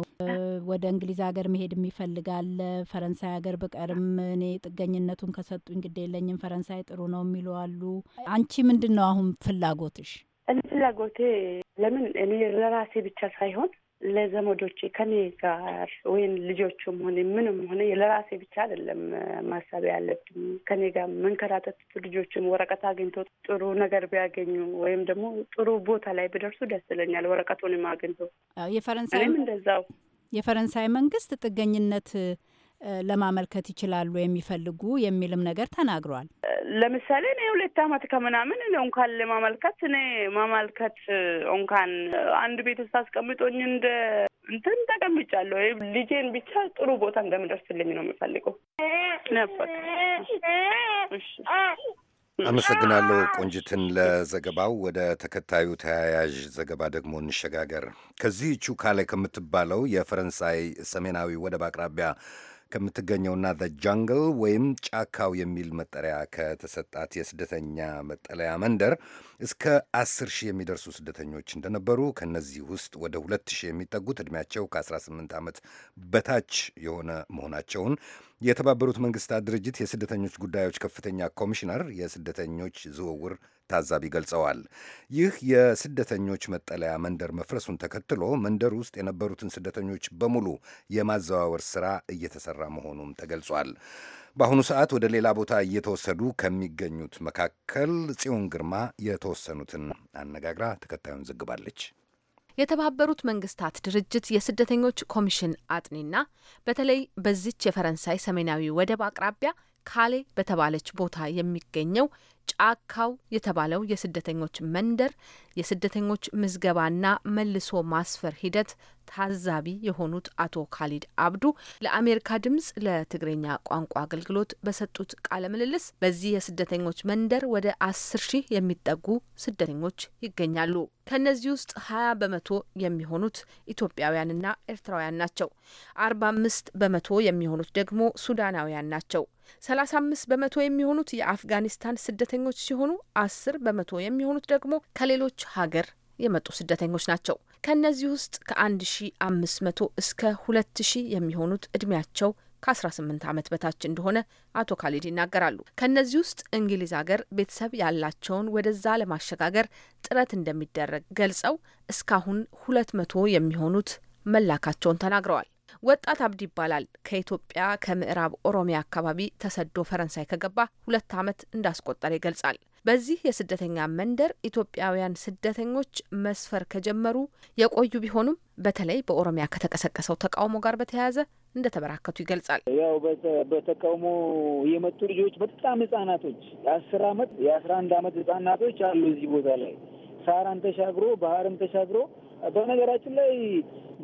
ወደ እንግሊዝ ሀገር መሄድ የሚፈልጋለ ፈረንሳይ ሀገር ብቀርም እኔ ጥገኝነቱን ከሰጡኝ ግድ የለኝም ፈረንሳይ ጥሩ ነው የሚሉ አሉ። አንቺ ምንድን ነው አሁን ፍላጎትሽ? እኔ ፍላጎቴ ለምን እኔ ለራሴ ብቻ ሳይሆን ለዘመዶቼ ከኔ ጋር ወይም ልጆቹም ሆነ ምንም ሆነ ለራሴ ብቻ አይደለም ማሰብ ያለብኝ። ከኔ ጋር መንከራተት ልጆችም ወረቀት አግኝቶ ጥሩ ነገር ቢያገኙ ወይም ደግሞ ጥሩ ቦታ ላይ ቢደርሱ ደስ ይለኛል። ወረቀቱንም አግኝቶ የፈረንሳይም እንደዛው የፈረንሳይ መንግስት ጥገኝነት ለማመልከት ይችላሉ የሚፈልጉ የሚልም ነገር ተናግሯል። ለምሳሌ እኔ ሁለት አመት ከምናምን እንኳን ለማመልከት እኔ ማመልከት እንኳን አንድ ቤት ውስጥ አስቀምጦኝ እንደ እንትን ተቀምጫለሁ። ልጄን ብቻ ጥሩ ቦታ እንደምደርስልኝ ነው የሚፈልገው ነበር። አመሰግናለሁ ቆንጅትን ለዘገባው። ወደ ተከታዩ ተያያዥ ዘገባ ደግሞ እንሸጋገር። ከዚህቹ ካሌ ከምትባለው የፈረንሳይ ሰሜናዊ ወደብ አቅራቢያ ከምትገኘውና ዘ ጃንግል ወይም ጫካው የሚል መጠሪያ ከተሰጣት የስደተኛ መጠለያ መንደር እስከ አስር ሺህ የሚደርሱ ስደተኞች እንደነበሩ ከእነዚህ ውስጥ ወደ ሁለት ሺህ የሚጠጉት ዕድሜያቸው ከ18 ዓመት በታች የሆነ መሆናቸውን የተባበሩት መንግስታት ድርጅት የስደተኞች ጉዳዮች ከፍተኛ ኮሚሽነር የስደተኞች ዝውውር ታዛቢ ገልጸዋል። ይህ የስደተኞች መጠለያ መንደር መፍረሱን ተከትሎ መንደር ውስጥ የነበሩትን ስደተኞች በሙሉ የማዘዋወር ስራ እየተሰራ መሆኑም ተገልጿል። በአሁኑ ሰዓት ወደ ሌላ ቦታ እየተወሰዱ ከሚገኙት መካከል ጽዮን ግርማ የተወሰኑትን አነጋግራ ተከታዩን ዘግባለች። የተባበሩት መንግስታት ድርጅት የስደተኞች ኮሚሽን አጥኒና በተለይ በዚች የፈረንሳይ ሰሜናዊ ወደብ አቅራቢያ ካሌ በተባለች ቦታ የሚገኘው ጫካው የተባለው የስደተኞች መንደር የስደተኞች ምዝገባና መልሶ ማስፈር ሂደት ታዛቢ የሆኑት አቶ ካሊድ አብዱ ለአሜሪካ ድምጽ ለትግርኛ ቋንቋ አገልግሎት በሰጡት ቃለ ምልልስ በዚህ የስደተኞች መንደር ወደ አስር ሺህ የሚጠጉ ስደተኞች ይገኛሉ። ከእነዚህ ውስጥ ሀያ በመቶ የሚሆኑት ኢትዮጵያውያንና ኤርትራውያን ናቸው። አርባ አምስት በመቶ የሚሆኑት ደግሞ ሱዳናውያን ናቸው። ሰላሳ አምስት በመቶ የሚሆኑት የአፍጋኒስታን ስደተ ስደተኞች ሲሆኑ አስር በመቶ የሚሆኑት ደግሞ ከሌሎች ሀገር የመጡ ስደተኞች ናቸው። ከእነዚህ ውስጥ ከ1500 እስከ 2000 የሚሆኑት እድሜያቸው ከ18 ዓመት በታች እንደሆነ አቶ ካሊድ ይናገራሉ። ከእነዚህ ውስጥ እንግሊዝ ሀገር ቤተሰብ ያላቸውን ወደዛ ለማሸጋገር ጥረት እንደሚደረግ ገልጸው እስካሁን 200 የሚሆኑት መላካቸውን ተናግረዋል። ወጣት አብዲ ይባላል። ከኢትዮጵያ ከምዕራብ ኦሮሚያ አካባቢ ተሰዶ ፈረንሳይ ከገባ ሁለት ዓመት እንዳስቆጠረ ይገልጻል። በዚህ የስደተኛ መንደር ኢትዮጵያውያን ስደተኞች መስፈር ከጀመሩ የቆዩ ቢሆኑም በተለይ በኦሮሚያ ከተቀሰቀሰው ተቃውሞ ጋር በተያያዘ እንደተበራከቱ ይገልጻል። ያው በተቃውሞ የመጡ ልጆች በጣም ህጻናቶች የአስር አመት የአስራ አንድ አመት ህጻናቶች አሉ እዚህ ቦታ ላይ ሳራን ተሻግሮ ባህርን ተሻግሮ በነገራችን ላይ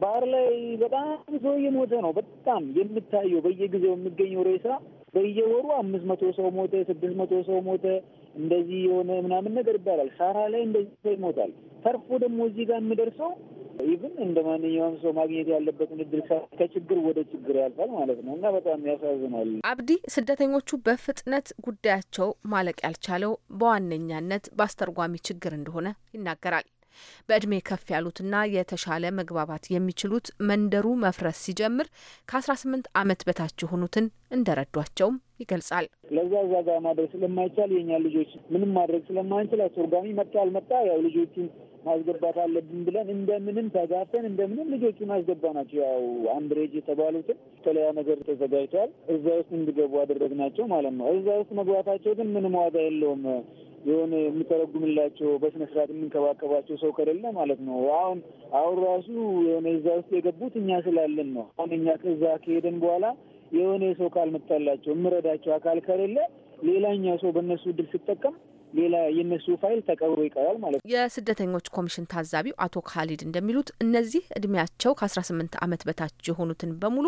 ባህር ላይ በጣም ሰው እየሞተ ነው። በጣም የሚታየው በየጊዜው የሚገኘው ሬሳ በየወሩ አምስት መቶ ሰው ሞተ፣ ስድስት መቶ ሰው ሞተ፣ እንደዚህ የሆነ ምናምን ነገር ይባላል። ሳራ ላይ እንደዚህ ሰው ይሞታል። ተርፎ ደግሞ እዚህ ጋር የሚደርሰው ይብን እንደ ማንኛውም ሰው ማግኘት ያለበትን እድል ከችግር ወደ ችግር ያልፋል ማለት ነው እና በጣም ያሳዝናል። አብዲ ስደተኞቹ በፍጥነት ጉዳያቸው ማለቅ ያልቻለው በዋነኛነት በአስተርጓሚ ችግር እንደሆነ ይናገራል። በእድሜ ከፍ ያሉትና የተሻለ መግባባት የሚችሉት መንደሩ መፍረስ ሲጀምር ከ18 ዓመት በታች የሆኑትን እንደረዷቸውም ይገልጻል። ለዛ እዛ ጋር ማድረግ ስለማይቻል የኛ ልጆች ምንም ማድረግ ስለማንችል አስወርጋሚ መጣ አልመጣ ያው ልጆቹን ማስገባት አለብን ብለን እንደምንም ተጋፈን እንደምንም ልጆቹን አስገባናቸው። ያው አንድሬጅ የተባሉትን የተለያ ነገር ተዘጋጅተዋል። እዛ ውስጥ እንዲገቡ አደረግናቸው ማለት ነው። እዛ ውስጥ መግባታቸው ግን ምንም ዋጋ የለውም። የሆነ የምተረጉምላቸው በስነ ስርዓት የምንከባከባቸው ሰው ከሌለ ማለት ነው። አሁን አሁን ራሱ የሆነ እዛ ውስጥ የገቡት እኛ ስላለን ነው። አሁን እኛ ከዛ ከሄደን በኋላ የሆነ ሰው ካልመጣላቸው የምረዳቸው አካል ከሌለ ሌላኛው ሰው በእነሱ እድል ሲጠቀም ሌላ የነሱ ፋይል ተቀብሮ ይቀራል ማለት ነው። የስደተኞች ኮሚሽን ታዛቢው አቶ ካሊድ እንደሚሉት እነዚህ እድሜያቸው ከአስራ ስምንት ዓመት በታች የሆኑትን በሙሉ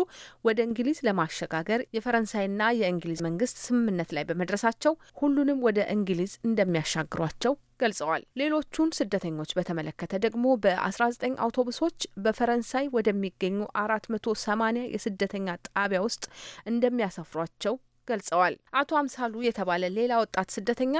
ወደ እንግሊዝ ለማሸጋገር የፈረንሳይና የእንግሊዝ መንግስት ስምምነት ላይ በመድረሳቸው ሁሉንም ወደ እንግሊዝ እንደሚያሻግሯቸው ገልጸዋል። ሌሎቹን ስደተኞች በተመለከተ ደግሞ በ19 አውቶቡሶች በፈረንሳይ ወደሚገኙ 480 የስደተኛ ጣቢያ ውስጥ እንደሚያሰፍሯቸው ገልጸዋል። አቶ አምሳሉ የተባለ ሌላ ወጣት ስደተኛ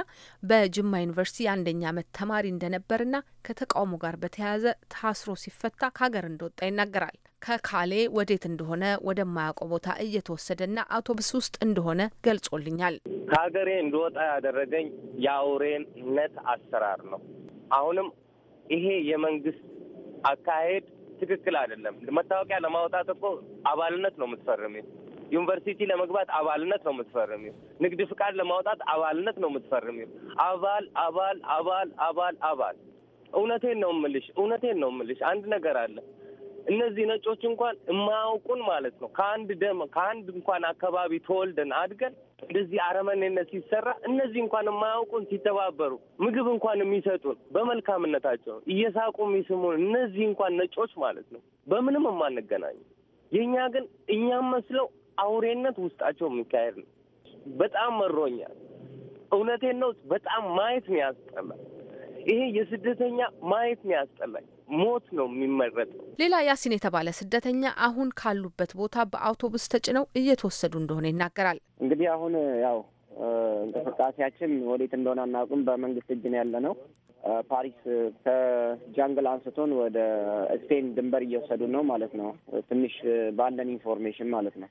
በጅማ ዩኒቨርሲቲ የአንደኛ ዓመት ተማሪ እንደነበርና ከተቃውሞ ጋር በተያያዘ ታስሮ ሲፈታ ከሀገር እንደወጣ ይናገራል። ከካሌ ወዴት እንደሆነ ወደማያውቀው ቦታ እየተወሰደና አውቶቡስ ውስጥ እንደሆነ ገልጾልኛል። ከሀገሬ እንደወጣ ያደረገኝ የአውሬነት አሰራር ነው። አሁንም ይሄ የመንግስት አካሄድ ትክክል አይደለም። መታወቂያ ለማውጣት እኮ አባልነት ነው የምትፈርሜ ዩኒቨርሲቲ ለመግባት አባልነት ነው የምትፈርሚው። ንግድ ፍቃድ ለማውጣት አባልነት ነው የምትፈርሚው። አባል አባል አባል አባል አባል። እውነቴን ነው ምልሽ፣ እውነቴን ነው ምልሽ። አንድ ነገር አለ። እነዚህ ነጮች እንኳን የማያውቁን ማለት ነው ከአንድ ደም ከአንድ እንኳን አካባቢ ተወልደን አድገን እንደዚህ አረመኔነት ሲሰራ እነዚህ እንኳን የማያውቁን ሲተባበሩ ምግብ እንኳን የሚሰጡን በመልካምነታቸው እየሳቁ የሚስሙን እነዚህ እንኳን ነጮች ማለት ነው በምንም የማንገናኝ የእኛ ግን እኛም መስለው አውሬነት ውስጣቸው የሚካሄድ ነው። በጣም መሮኛል። እውነቴን ነው። በጣም ማየት ነው ያስጠላል። ይሄ የስደተኛ ማየት ነው ያስጠላኝ። ሞት ነው የሚመረጠው። ሌላ ያሲን የተባለ ስደተኛ አሁን ካሉበት ቦታ በአውቶቡስ ተጭነው እየተወሰዱ እንደሆነ ይናገራል። እንግዲህ አሁን ያው እንቅስቃሴያችን ወዴት እንደሆነ አናውቅም። በመንግስት እጅ ነው ያለ ነው። ፓሪስ ከጃንግል አንስቶን ወደ ስፔን ድንበር እየወሰዱ ነው ማለት ነው። ትንሽ ባለን ኢንፎርሜሽን ማለት ነው።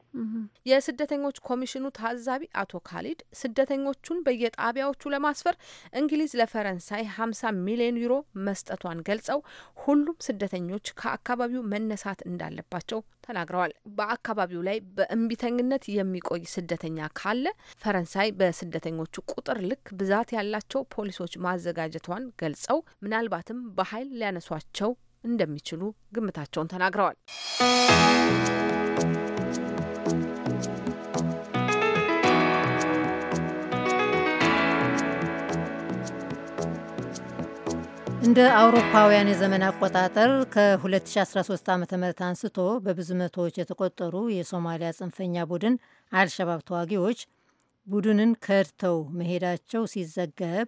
የስደተኞች ኮሚሽኑ ታዛቢ አቶ ካሊድ ስደተኞቹን በየጣቢያዎቹ ለማስፈር እንግሊዝ ለፈረንሳይ ሀምሳ ሚሊዮን ዩሮ መስጠቷን ገልጸው ሁሉም ስደተኞች ከአካባቢው መነሳት እንዳለባቸው ተናግረዋል። በአካባቢው ላይ በእምቢተኝነት የሚቆይ ስደተኛ ካለ ፈረንሳይ በስደተኞቹ ቁጥር ልክ ብዛት ያላቸው ፖሊሶች ማዘጋጀቷን ገልጸው ምናልባትም በኃይል ሊያነሷቸው እንደሚችሉ ግምታቸውን ተናግረዋል። እንደ አውሮፓውያን የዘመን አቆጣጠር ከ2013 ዓ ም አንስቶ በብዙ መቶዎች የተቆጠሩ የሶማሊያ ጽንፈኛ ቡድን አልሸባብ ተዋጊዎች ቡድንን ከድተው መሄዳቸው ሲዘገብ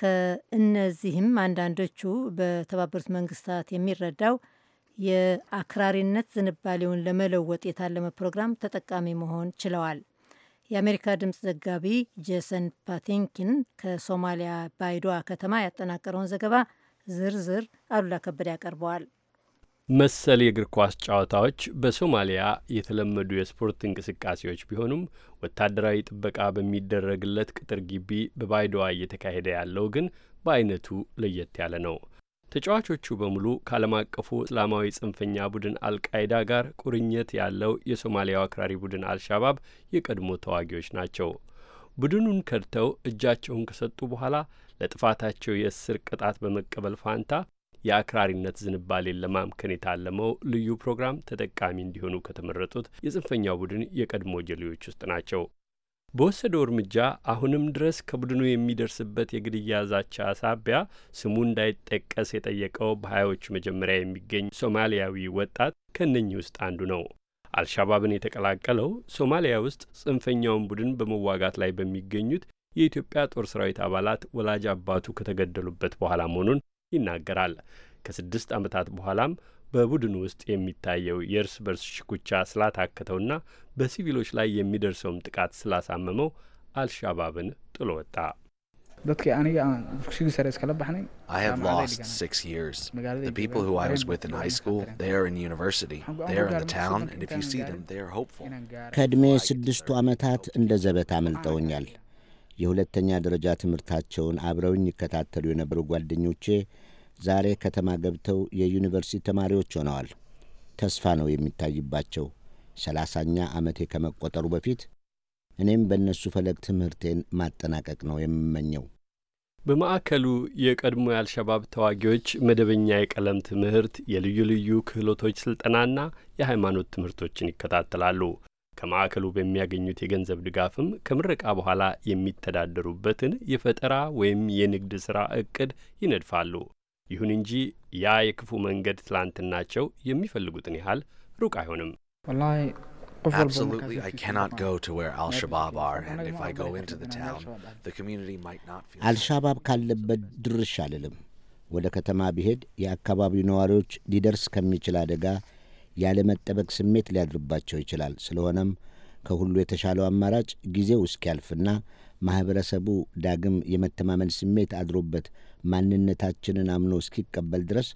ከእነዚህም አንዳንዶቹ በተባበሩት መንግስታት የሚረዳው የአክራሪነት ዝንባሌውን ለመለወጥ የታለመ ፕሮግራም ተጠቃሚ መሆን ችለዋል። የአሜሪካ ድምፅ ዘጋቢ ጄሰን ፓቲንኪን ከሶማሊያ ባይዶዋ ከተማ ያጠናቀረውን ዘገባ ዝርዝር አሉላ ከበደ ያቀርበዋል። መሰል የእግር ኳስ ጨዋታዎች በሶማሊያ የተለመዱ የስፖርት እንቅስቃሴዎች ቢሆኑም ወታደራዊ ጥበቃ በሚደረግለት ቅጥር ግቢ በባይዶዋ እየተካሄደ ያለው ግን በአይነቱ ለየት ያለ ነው። ተጫዋቾቹ በሙሉ ከዓለም አቀፉ እስላማዊ ጽንፈኛ ቡድን አልቃይዳ ጋር ቁርኝት ያለው የሶማሊያው አክራሪ ቡድን አልሻባብ የቀድሞ ተዋጊዎች ናቸው። ቡድኑን ከድተው እጃቸውን ከሰጡ በኋላ ለጥፋታቸው የእስር ቅጣት በመቀበል ፋንታ የአክራሪነት ዝንባሌን ለማምከን የታለመው ልዩ ፕሮግራም ተጠቃሚ እንዲሆኑ ከተመረጡት የጽንፈኛው ቡድን የቀድሞ ጀሌዎች ውስጥ ናቸው። በወሰደው እርምጃ አሁንም ድረስ ከቡድኑ የሚደርስበት የግድያ ዛቻ ሳቢያ ስሙ እንዳይጠቀስ የጠየቀው በሀያዎቹ መጀመሪያ የሚገኝ ሶማሊያዊ ወጣት ከነኚ ውስጥ አንዱ ነው። አልሻባብን የተቀላቀለው ሶማሊያ ውስጥ ጽንፈኛውን ቡድን በመዋጋት ላይ በሚገኙት የኢትዮጵያ ጦር ሰራዊት አባላት ወላጅ አባቱ ከተገደሉበት በኋላ መሆኑን ይናገራል። ከስድስት ዓመታት በኋላም በቡድን ውስጥ የሚታየው የእርስ በርስ ሽኩቻ ስላታከተውና በሲቪሎች ላይ የሚደርሰውም ጥቃት ስላሳመመው አልሻባብን ጥሎ ወጣ። I have lost six years. The people who I was with in high school, they are in university, they are in the town, and if you see them, they are hopeful. ከዕድሜ ስድስቱ ዓመታት እንደ ዘበት አመልጠውኛል። የሁለተኛ ደረጃ ትምህርታቸውን አብረውኝ ይከታተሉ የነበሩ ጓደኞቼ ዛሬ ከተማ ገብተው የዩኒቨርሲቲ ተማሪዎች ሆነዋል። ተስፋ ነው የሚታይባቸው። ሰላሳኛ ዓመቴ ከመቆጠሩ በፊት እኔም በእነሱ ፈለግ ትምህርቴን ማጠናቀቅ ነው የምመኘው። በማዕከሉ የቀድሞ የአልሸባብ ተዋጊዎች መደበኛ የቀለም ትምህርት፣ የልዩ ልዩ ክህሎቶች ስልጠናና የሃይማኖት ትምህርቶችን ይከታተላሉ። ከማዕከሉ በሚያገኙት የገንዘብ ድጋፍም ከምረቃ በኋላ የሚተዳደሩበትን የፈጠራ ወይም የንግድ ሥራ ዕቅድ ይነድፋሉ። ይሁን እንጂ ያ የክፉ መንገድ ትላንትናቸው የሚፈልጉትን ያህል ሩቅ አይሆንም። አልሻባብ ካለበት ድርሽ አልልም። ወደ ከተማ ብሄድ የአካባቢው ነዋሪዎች ሊደርስ ከሚችል አደጋ ያለመጠበቅ ስሜት ሊያድርባቸው ይችላል። ስለሆነም ከሁሉ የተሻለው አማራጭ ጊዜው እስኪያልፍና ማኅበረሰቡ ዳግም የመተማመን ስሜት አድሮበት ማንነታችንን አምኖ እስኪቀበል ድረስ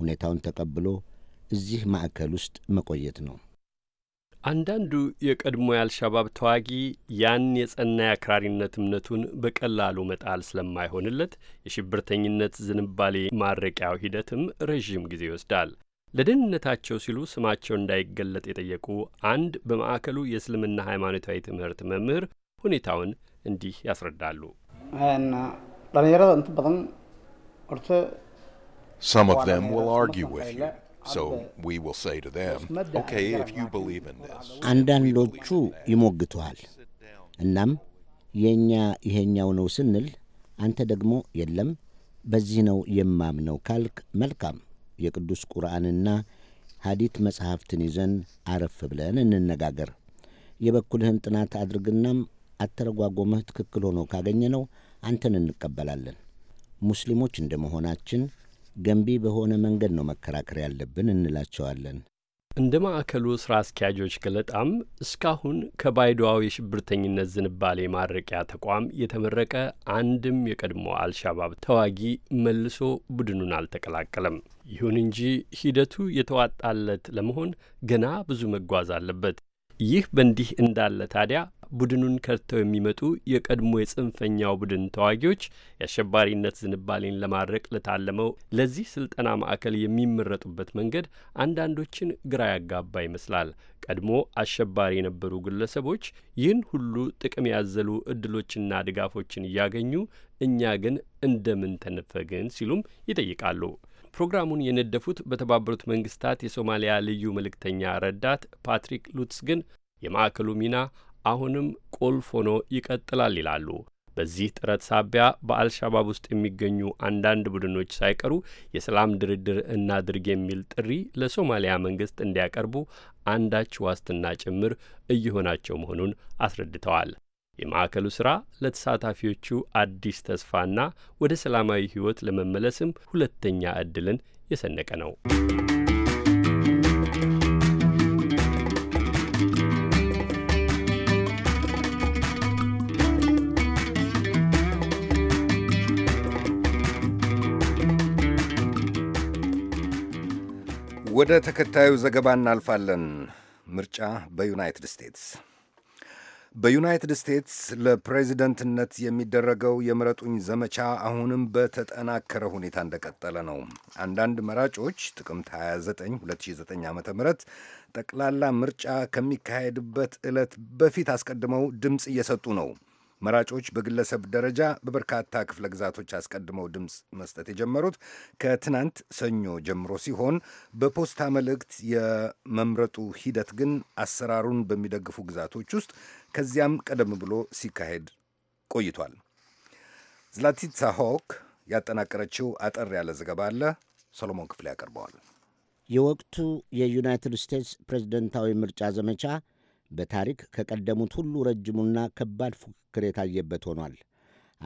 ሁኔታውን ተቀብሎ እዚህ ማዕከል ውስጥ መቆየት ነው። አንዳንዱ የቀድሞ የአልሻባብ ተዋጊ ያን የጸና የአክራሪነት እምነቱን በቀላሉ መጣል ስለማይሆንለት የሽብርተኝነት ዝንባሌ ማረቂያው ሂደትም ረዥም ጊዜ ይወስዳል። ለደህንነታቸው ሲሉ ስማቸው እንዳይገለጥ የጠየቁ አንድ በማዕከሉ የእስልምና ሃይማኖታዊ ትምህርት መምህር ሁኔታውን እንዲህ ያስረዳሉ። uh, Some of them will argue with you, so we will say to them, okay, if you believe in this. አንዳንዶቹ ይሞግቱሃል። እናም የእኛ ይሄኛው ነው ስንል አንተ ደግሞ የለም በዚህ ነው የማምነው ካልክ መልካም የቅዱስ ቁርአንና ሐዲት መጽሐፍትን ይዘን አረፍ ብለን እንነጋገር። የበኩልህን ጥናት አድርግናም አተረጓጎመህ ትክክል ሆኖ ካገኘነው አንተን እንቀበላለን። ሙስሊሞች እንደ መሆናችን ገንቢ በሆነ መንገድ ነው መከራከር ያለብን እንላቸዋለን። እንደ ማዕከሉ ስራ አስኪያጆች ገለጣም እስካሁን ከባይዶዋው የሽብርተኝነት ዝንባሌ ማረቂያ ተቋም የተመረቀ አንድም የቀድሞ አልሻባብ ተዋጊ መልሶ ቡድኑን አልተቀላቀለም። ይሁን እንጂ ሂደቱ የተዋጣለት ለመሆን ገና ብዙ መጓዝ አለበት። ይህ በእንዲህ እንዳለ ታዲያ ቡድኑን ከድተው የሚመጡ የቀድሞ የጽንፈኛው ቡድን ተዋጊዎች የአሸባሪነት ዝንባሌን ለማድረቅ ለታለመው ለዚህ ስልጠና ማዕከል የሚመረጡበት መንገድ አንዳንዶችን ግራ ያጋባ ይመስላል። ቀድሞ አሸባሪ የነበሩ ግለሰቦች ይህን ሁሉ ጥቅም ያዘሉ እድሎችና ድጋፎችን እያገኙ እኛ ግን እንደምን ተነፈግን ሲሉም ይጠይቃሉ። ፕሮግራሙን የነደፉት በተባበሩት መንግስታት የሶማሊያ ልዩ መልእክተኛ ረዳት ፓትሪክ ሉትስ ግን የማዕከሉ ሚና አሁንም ቁልፍ ሆኖ ይቀጥላል ይላሉ። በዚህ ጥረት ሳቢያ በአልሻባብ ውስጥ የሚገኙ አንዳንድ ቡድኖች ሳይቀሩ የሰላም ድርድር እናድርግ የሚል ጥሪ ለሶማሊያ መንግስት እንዲያቀርቡ አንዳች ዋስትና ጭምር እየሆናቸው መሆኑን አስረድተዋል። የማዕከሉ ሥራ ለተሳታፊዎቹ አዲስ ተስፋና ወደ ሰላማዊ ሕይወት ለመመለስም ሁለተኛ ዕድልን የሰነቀ ነው። ወደ ተከታዩ ዘገባ እናልፋለን። ምርጫ በዩናይትድ ስቴትስ በዩናይትድ ስቴትስ ለፕሬዚደንትነት የሚደረገው የምረጡኝ ዘመቻ አሁንም በተጠናከረ ሁኔታ እንደቀጠለ ነው። አንዳንድ መራጮች ጥቅምት 29 2009 ዓ ም ጠቅላላ ምርጫ ከሚካሄድበት ዕለት በፊት አስቀድመው ድምፅ እየሰጡ ነው። መራጮች በግለሰብ ደረጃ በበርካታ ክፍለ ግዛቶች አስቀድመው ድምፅ መስጠት የጀመሩት ከትናንት ሰኞ ጀምሮ ሲሆን በፖስታ መልእክት የመምረጡ ሂደት ግን አሰራሩን በሚደግፉ ግዛቶች ውስጥ ከዚያም ቀደም ብሎ ሲካሄድ ቆይቷል። ዝላቲትሳ ሆክ ያጠናቀረችው አጠር ያለ ዘገባ አለ። ሰሎሞን ክፍሌ ያቀርበዋል። የወቅቱ የዩናይትድ ስቴትስ ፕሬዝደንታዊ ምርጫ ዘመቻ በታሪክ ከቀደሙት ሁሉ ረጅሙና ከባድ ፉክክር የታየበት ሆኗል።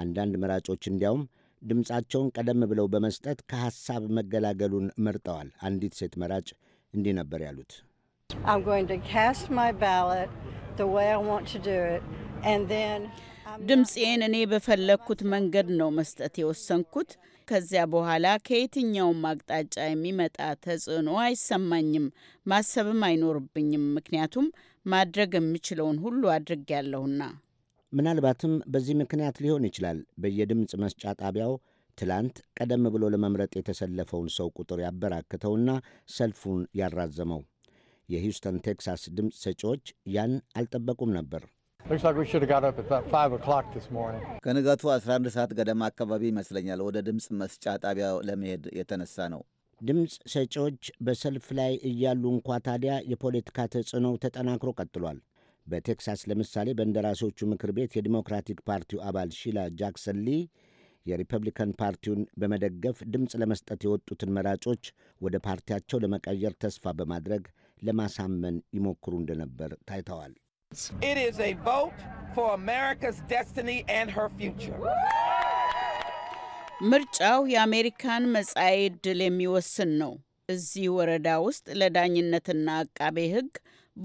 አንዳንድ መራጮች እንዲያውም ድምፃቸውን ቀደም ብለው በመስጠት ከሐሳብ መገላገሉን መርጠዋል። አንዲት ሴት መራጭ እንዲህ ነበር ያሉት። ድምፄን እኔ በፈለግኩት መንገድ ነው መስጠት የወሰንኩት። ከዚያ በኋላ ከየትኛውም አቅጣጫ የሚመጣ ተጽዕኖ አይሰማኝም፣ ማሰብም አይኖርብኝም። ምክንያቱም ማድረግ የምችለውን ሁሉ አድርጌያለሁና። ምናልባትም በዚህ ምክንያት ሊሆን ይችላል በየድምፅ መስጫ ጣቢያው ትላንት ቀደም ብሎ ለመምረጥ የተሰለፈውን ሰው ቁጥር ያበራክተውና ሰልፉን ያራዘመው። የሂውስተን ቴክሳስ ድምፅ ሰጪዎች ያን አልጠበቁም ነበር። ከንጋቱ 11 ሰዓት ገደማ አካባቢ ይመስለኛል ወደ ድምፅ መስጫ ጣቢያው ለመሄድ የተነሳ ነው። ድምፅ ሰጪዎች በሰልፍ ላይ እያሉ እንኳ ታዲያ የፖለቲካ ተጽዕኖው ተጠናክሮ ቀጥሏል። በቴክሳስ ለምሳሌ በእንደራሴዎቹ ምክር ቤት የዲሞክራቲክ ፓርቲው አባል ሺላ ጃክሰን ሊ የሪፐብሊካን ፓርቲውን በመደገፍ ድምፅ ለመስጠት የወጡትን መራጮች ወደ ፓርቲያቸው ለመቀየር ተስፋ በማድረግ ለማሳመን ይሞክሩ እንደነበር ታይተዋል። ምርጫው የአሜሪካን መጻኢ ዕድል የሚወስን ነው። እዚህ ወረዳ ውስጥ ለዳኝነትና አቃቤ ሕግ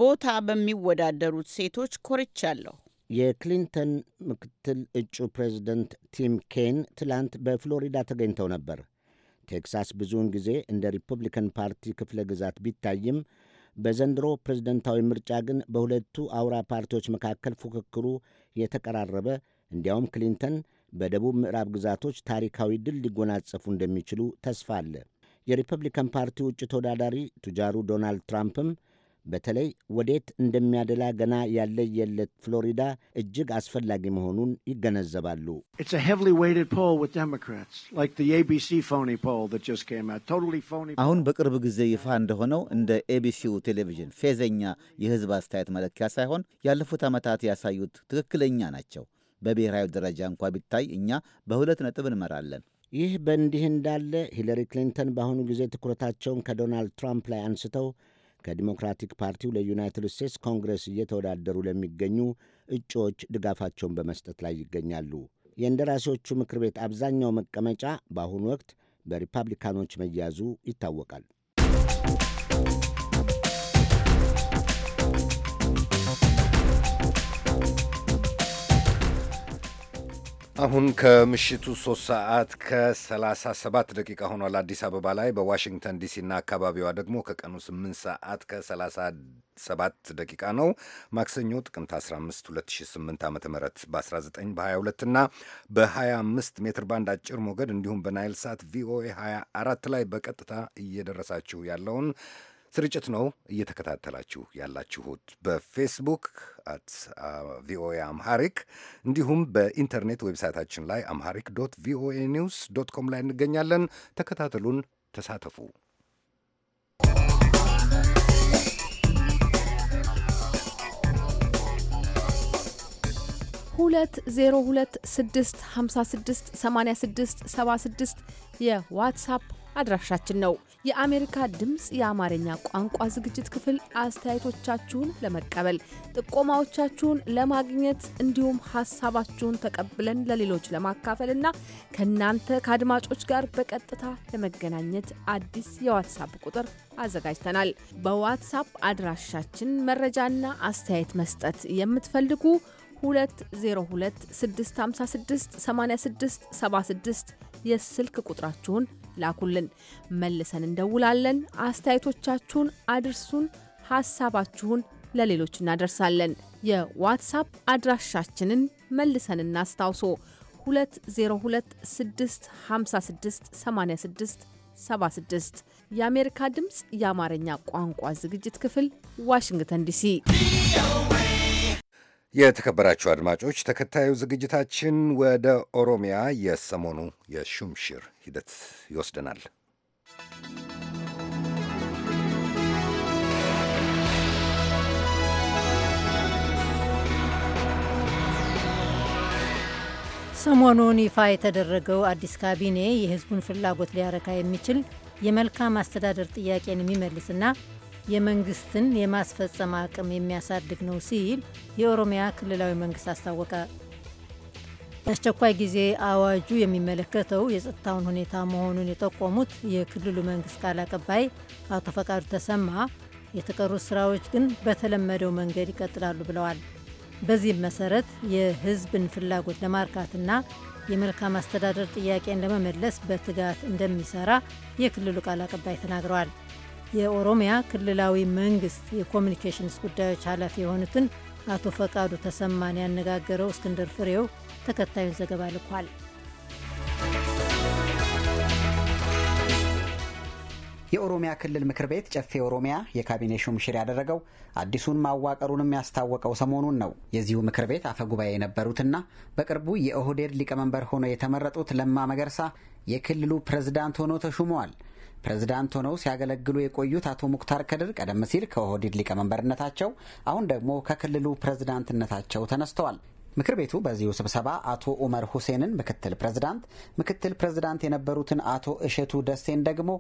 ቦታ በሚወዳደሩት ሴቶች ኮርቻለሁ። የክሊንተን ምክትል እጩ ፕሬዚደንት ቲም ኬን ትላንት በፍሎሪዳ ተገኝተው ነበር። ቴክሳስ ብዙውን ጊዜ እንደ ሪፑብሊካን ፓርቲ ክፍለ ግዛት ቢታይም በዘንድሮ ፕሬዝደንታዊ ምርጫ ግን በሁለቱ አውራ ፓርቲዎች መካከል ፉክክሩ የተቀራረበ እንዲያውም ክሊንተን በደቡብ ምዕራብ ግዛቶች ታሪካዊ ድል ሊጎናጸፉ እንደሚችሉ ተስፋ አለ። የሪፐብሊካን ፓርቲ ውጭ ተወዳዳሪ ቱጃሩ ዶናልድ ትራምፕም በተለይ ወዴት እንደሚያደላ ገና ያለ የለት ፍሎሪዳ እጅግ አስፈላጊ መሆኑን ይገነዘባሉ። አሁን በቅርብ ጊዜ ይፋ እንደሆነው እንደ ኤቢሲው ቴሌቪዥን ፌዘኛ የሕዝብ አስተያየት መለኪያ ሳይሆን ያለፉት ዓመታት ያሳዩት ትክክለኛ ናቸው። በብሔራዊ ደረጃ እንኳ ቢታይ እኛ በሁለት ነጥብ እንመራለን። ይህ በእንዲህ እንዳለ ሂለሪ ክሊንተን በአሁኑ ጊዜ ትኩረታቸውን ከዶናልድ ትራምፕ ላይ አንስተው ከዲሞክራቲክ ፓርቲው ለዩናይትድ ስቴትስ ኮንግረስ እየተወዳደሩ ለሚገኙ እጩዎች ድጋፋቸውን በመስጠት ላይ ይገኛሉ። የእንደራሴዎቹ ምክር ቤት አብዛኛው መቀመጫ በአሁኑ ወቅት በሪፐብሊካኖች መያዙ ይታወቃል። አሁን ከምሽቱ ሶስት ሰዓት ከ37 ደቂቃ ሆኗል አዲስ አበባ ላይ። በዋሽንግተን ዲሲና አካባቢዋ ደግሞ ከቀኑ 8 ሰዓት ከ37 ደቂቃ ነው። ማክሰኞ ጥቅምት 15 2008 ዓ ም በ19 በ22 እና በ25 ሜትር ባንድ አጭር ሞገድ እንዲሁም በናይል ሳት ቪኦኤ 24 ላይ በቀጥታ እየደረሳችሁ ያለውን ስርጭት ነው እየተከታተላችሁ ያላችሁት። በፌስቡክ አት ቪኦኤ አምሃሪክ እንዲሁም በኢንተርኔት ዌብሳይታችን ላይ አምሃሪክ ዶት ቪኦኤ ኒውስ ዶት ኮም ላይ እንገኛለን። ተከታተሉን፣ ተሳተፉ። ሁለት ዜሮ ሁለት ስድስት ሀምሳ ስድስት ሰማንያ ስድስት ሰባ ስድስት የዋትሳፕ አድራሻችን ነው። የአሜሪካ ድምፅ የአማርኛ ቋንቋ ዝግጅት ክፍል አስተያየቶቻችሁን ለመቀበል ጥቆማዎቻችሁን ለማግኘት እንዲሁም ሀሳባችሁን ተቀብለን ለሌሎች ለማካፈልና ከእናንተ ከአድማጮች ጋር በቀጥታ ለመገናኘት አዲስ የዋትሳፕ ቁጥር አዘጋጅተናል። በዋትሳፕ አድራሻችን መረጃና አስተያየት መስጠት የምትፈልጉ 2026568676 የስልክ ቁጥራችሁን ላኩልን። መልሰን እንደውላለን። አስተያየቶቻችሁን አድርሱን። ሀሳባችሁን ለሌሎች እናደርሳለን። የዋትሳፕ አድራሻችንን መልሰን እናስታውሶ 2026568676 የአሜሪካ ድምፅ የአማርኛ ቋንቋ ዝግጅት ክፍል ዋሽንግተን ዲሲ የተከበራችሁ አድማጮች ተከታዩ ዝግጅታችን ወደ ኦሮሚያ የሰሞኑ የሹምሽር ሂደት ይወስደናል። ሰሞኑን ይፋ የተደረገው አዲስ ካቢኔ የሕዝቡን ፍላጎት ሊያረካ የሚችል የመልካም አስተዳደር ጥያቄን የሚመልስና የመንግስትን የማስፈጸም አቅም የሚያሳድግ ነው ሲል የኦሮሚያ ክልላዊ መንግስት አስታወቀ። የአስቸኳይ ጊዜ አዋጁ የሚመለከተው የጸጥታውን ሁኔታ መሆኑን የጠቆሙት የክልሉ መንግስት ቃል አቀባይ አቶ ፈቃዱ ተሰማ የተቀሩት ስራዎች ግን በተለመደው መንገድ ይቀጥላሉ ብለዋል። በዚህም መሰረት የህዝብን ፍላጎት ለማርካትና የመልካም አስተዳደር ጥያቄን ለመመለስ በትጋት እንደሚሰራ የክልሉ ቃል አቀባይ ተናግረዋል። የኦሮሚያ ክልላዊ መንግስት የኮሚኒኬሽንስ ጉዳዮች ኃላፊ የሆኑትን አቶ ፈቃዱ ተሰማን ያነጋገረው እስክንድር ፍሬው ተከታዩን ዘገባ ልኳል። የኦሮሚያ ክልል ምክር ቤት ጨፌ ኦሮሚያ የካቢኔ ሹምሽር ያደረገው አዲሱን ማዋቀሩንም ያስታወቀው ሰሞኑን ነው። የዚሁ ምክር ቤት አፈ ጉባኤ የነበሩትና በቅርቡ የኦህዴድ ሊቀመንበር ሆነው የተመረጡት ለማ መገርሳ የክልሉ ፕሬዝዳንት ሆነው ተሹመዋል። ፕሬዝዳንት ሆነው ሲያገለግሉ የቆዩት አቶ ሙክታር ከድር ቀደም ሲል ከኦህዴድ ሊቀመንበርነታቸው አሁን ደግሞ ከክልሉ ፕሬዝዳንትነታቸው ተነስተዋል። ምክር ቤቱ በዚሁ ስብሰባ አቶ ኡመር ሁሴንን ምክትል ፕሬዝዳንት፣ ምክትል ፕሬዝዳንት የነበሩትን አቶ እሸቱ ደሴን ደግሞ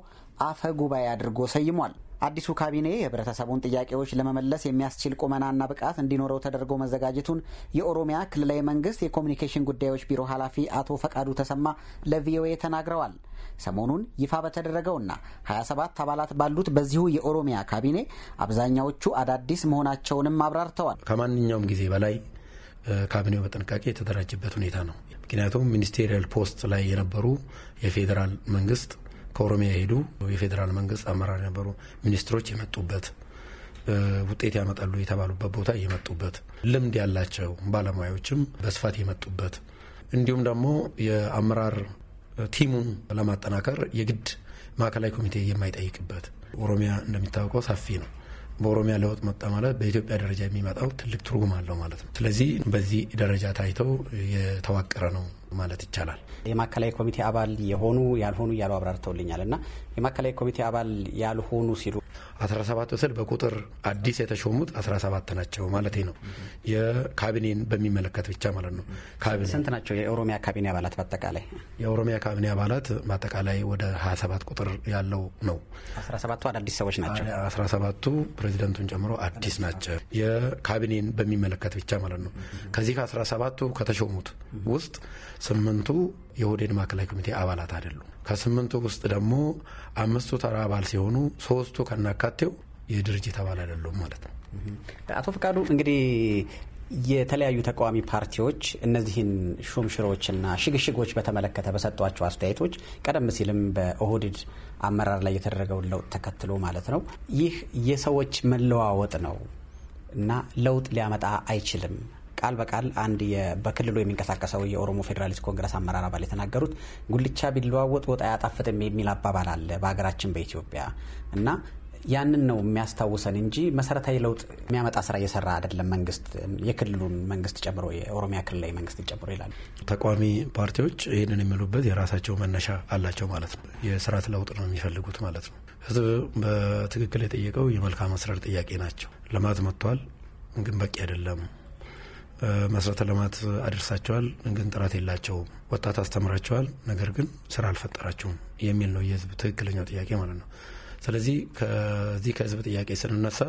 አፈ ጉባኤ አድርጎ ሰይሟል። አዲሱ ካቢኔ የህብረተሰቡን ጥያቄዎች ለመመለስ የሚያስችል ቁመናና ብቃት እንዲኖረው ተደርጎ መዘጋጀቱን የኦሮሚያ ክልላዊ መንግስት የኮሚኒኬሽን ጉዳዮች ቢሮ ኃላፊ አቶ ፈቃዱ ተሰማ ለቪኦኤ ተናግረዋል። ሰሞኑን ይፋ በተደረገውና 27 አባላት ባሉት በዚሁ የኦሮሚያ ካቢኔ አብዛኛዎቹ አዳዲስ መሆናቸውንም አብራርተዋል። ከማንኛውም ጊዜ በላይ ካቢኔው በጥንቃቄ የተደራጀበት ሁኔታ ነው። ምክንያቱም ሚኒስቴሪያል ፖስት ላይ የነበሩ የፌዴራል መንግስት ከኦሮሚያ የሄዱ የፌዴራል መንግስት አመራር የነበሩ ሚኒስትሮች የመጡበት ውጤት ያመጣሉ የተባሉበት ቦታ የመጡበት ልምድ ያላቸው ባለሙያዎችም በስፋት የመጡበት እንዲሁም ደግሞ የአመራር ቲሙን ለማጠናከር የግድ ማዕከላዊ ኮሚቴ የማይጠይቅበት ኦሮሚያ እንደሚታወቀው ሰፊ ነው። በኦሮሚያ ለውጥ መጣ ማለት በኢትዮጵያ ደረጃ የሚመጣው ትልቅ ትርጉም አለው ማለት ነው። ስለዚህ በዚህ ደረጃ ታይተው የተዋቀረ ነው ማለት ይቻላል። የማዕከላዊ ኮሚቴ አባል የሆኑ ያልሆኑ እያሉ አብራርተውልኛል እና የማዕከላዊ ኮሚቴ አባል ያልሆኑ ሲሉ 17 ስል በቁጥር አዲስ የተሾሙት 17 ናቸው ማለት ነው። የካቢኔን በሚመለከት ብቻ ማለት ነው። ስንት ናቸው የኦሮሚያ ካቢኔ አባላት? በአጠቃላይ የኦሮሚያ ካቢኔ አባላት በአጠቃላይ ወደ 27 ቁጥር ያለው ነው። አዳዲስ ሰዎች ናቸው። 17ቱ ፕሬዚደንቱን ጨምሮ አዲስ ናቸው። የካቢኔን በሚመለከት ብቻ ማለት ነው። ከዚህ ከ17ቱ ከተሾሙት ውስጥ ስምንቱ የኦህዴድ ማዕከላዊ ኮሚቴ አባላት አይደሉም። ከስምንቱ ውስጥ ደግሞ አምስቱ ተራ አባል ሲሆኑ ሶስቱ ከናካቴው የድርጅት አባል አይደሉም ማለት ነው። አቶ ፈቃዱ እንግዲህ የተለያዩ ተቃዋሚ ፓርቲዎች እነዚህን ሹምሽሮችና ሽግሽጎች በተመለከተ በሰጧቸው አስተያየቶች ቀደም ሲልም በኦህዴድ አመራር ላይ የተደረገውን ለውጥ ተከትሎ ማለት ነው ይህ የሰዎች መለዋወጥ ነው እና ለውጥ ሊያመጣ አይችልም ቃል በቃል አንድ በክልሉ የሚንቀሳቀሰው የኦሮሞ ፌዴራሊስት ኮንግረስ አመራር አባል የተናገሩት ጉልቻ ቢለዋወጥ ወጥ አያጣፍጥም የሚል አባባል አለ በሀገራችን በኢትዮጵያ እና ያንን ነው የሚያስታውሰን እንጂ መሰረታዊ ለውጥ የሚያመጣ ስራ እየሰራ አይደለም መንግስት፣ የክልሉን መንግስት ጨምሮ የኦሮሚያ ክልላዊ መንግስት ጨምሮ ይላል። ተቃዋሚ ፓርቲዎች ይህንን የሚሉበት የራሳቸው መነሻ አላቸው ማለት ነው። የስርዓት ለውጥ ነው የሚፈልጉት ማለት ነው። ህዝብ በትክክል የጠየቀው የመልካም አስተዳደር ጥያቄ ናቸው። ልማት መጥቷል፣ ግን በቂ አይደለም መሰረተ ልማት አድርሳቸዋል፣ ግን ጥራት የላቸውም። ወጣት አስተምራቸዋል፣ ነገር ግን ስራ አልፈጠራቸውም የሚል ነው የህዝብ ትክክለኛው ጥያቄ ማለት ነው። ስለዚህ ከዚህ ከህዝብ ጥያቄ ስንነሳ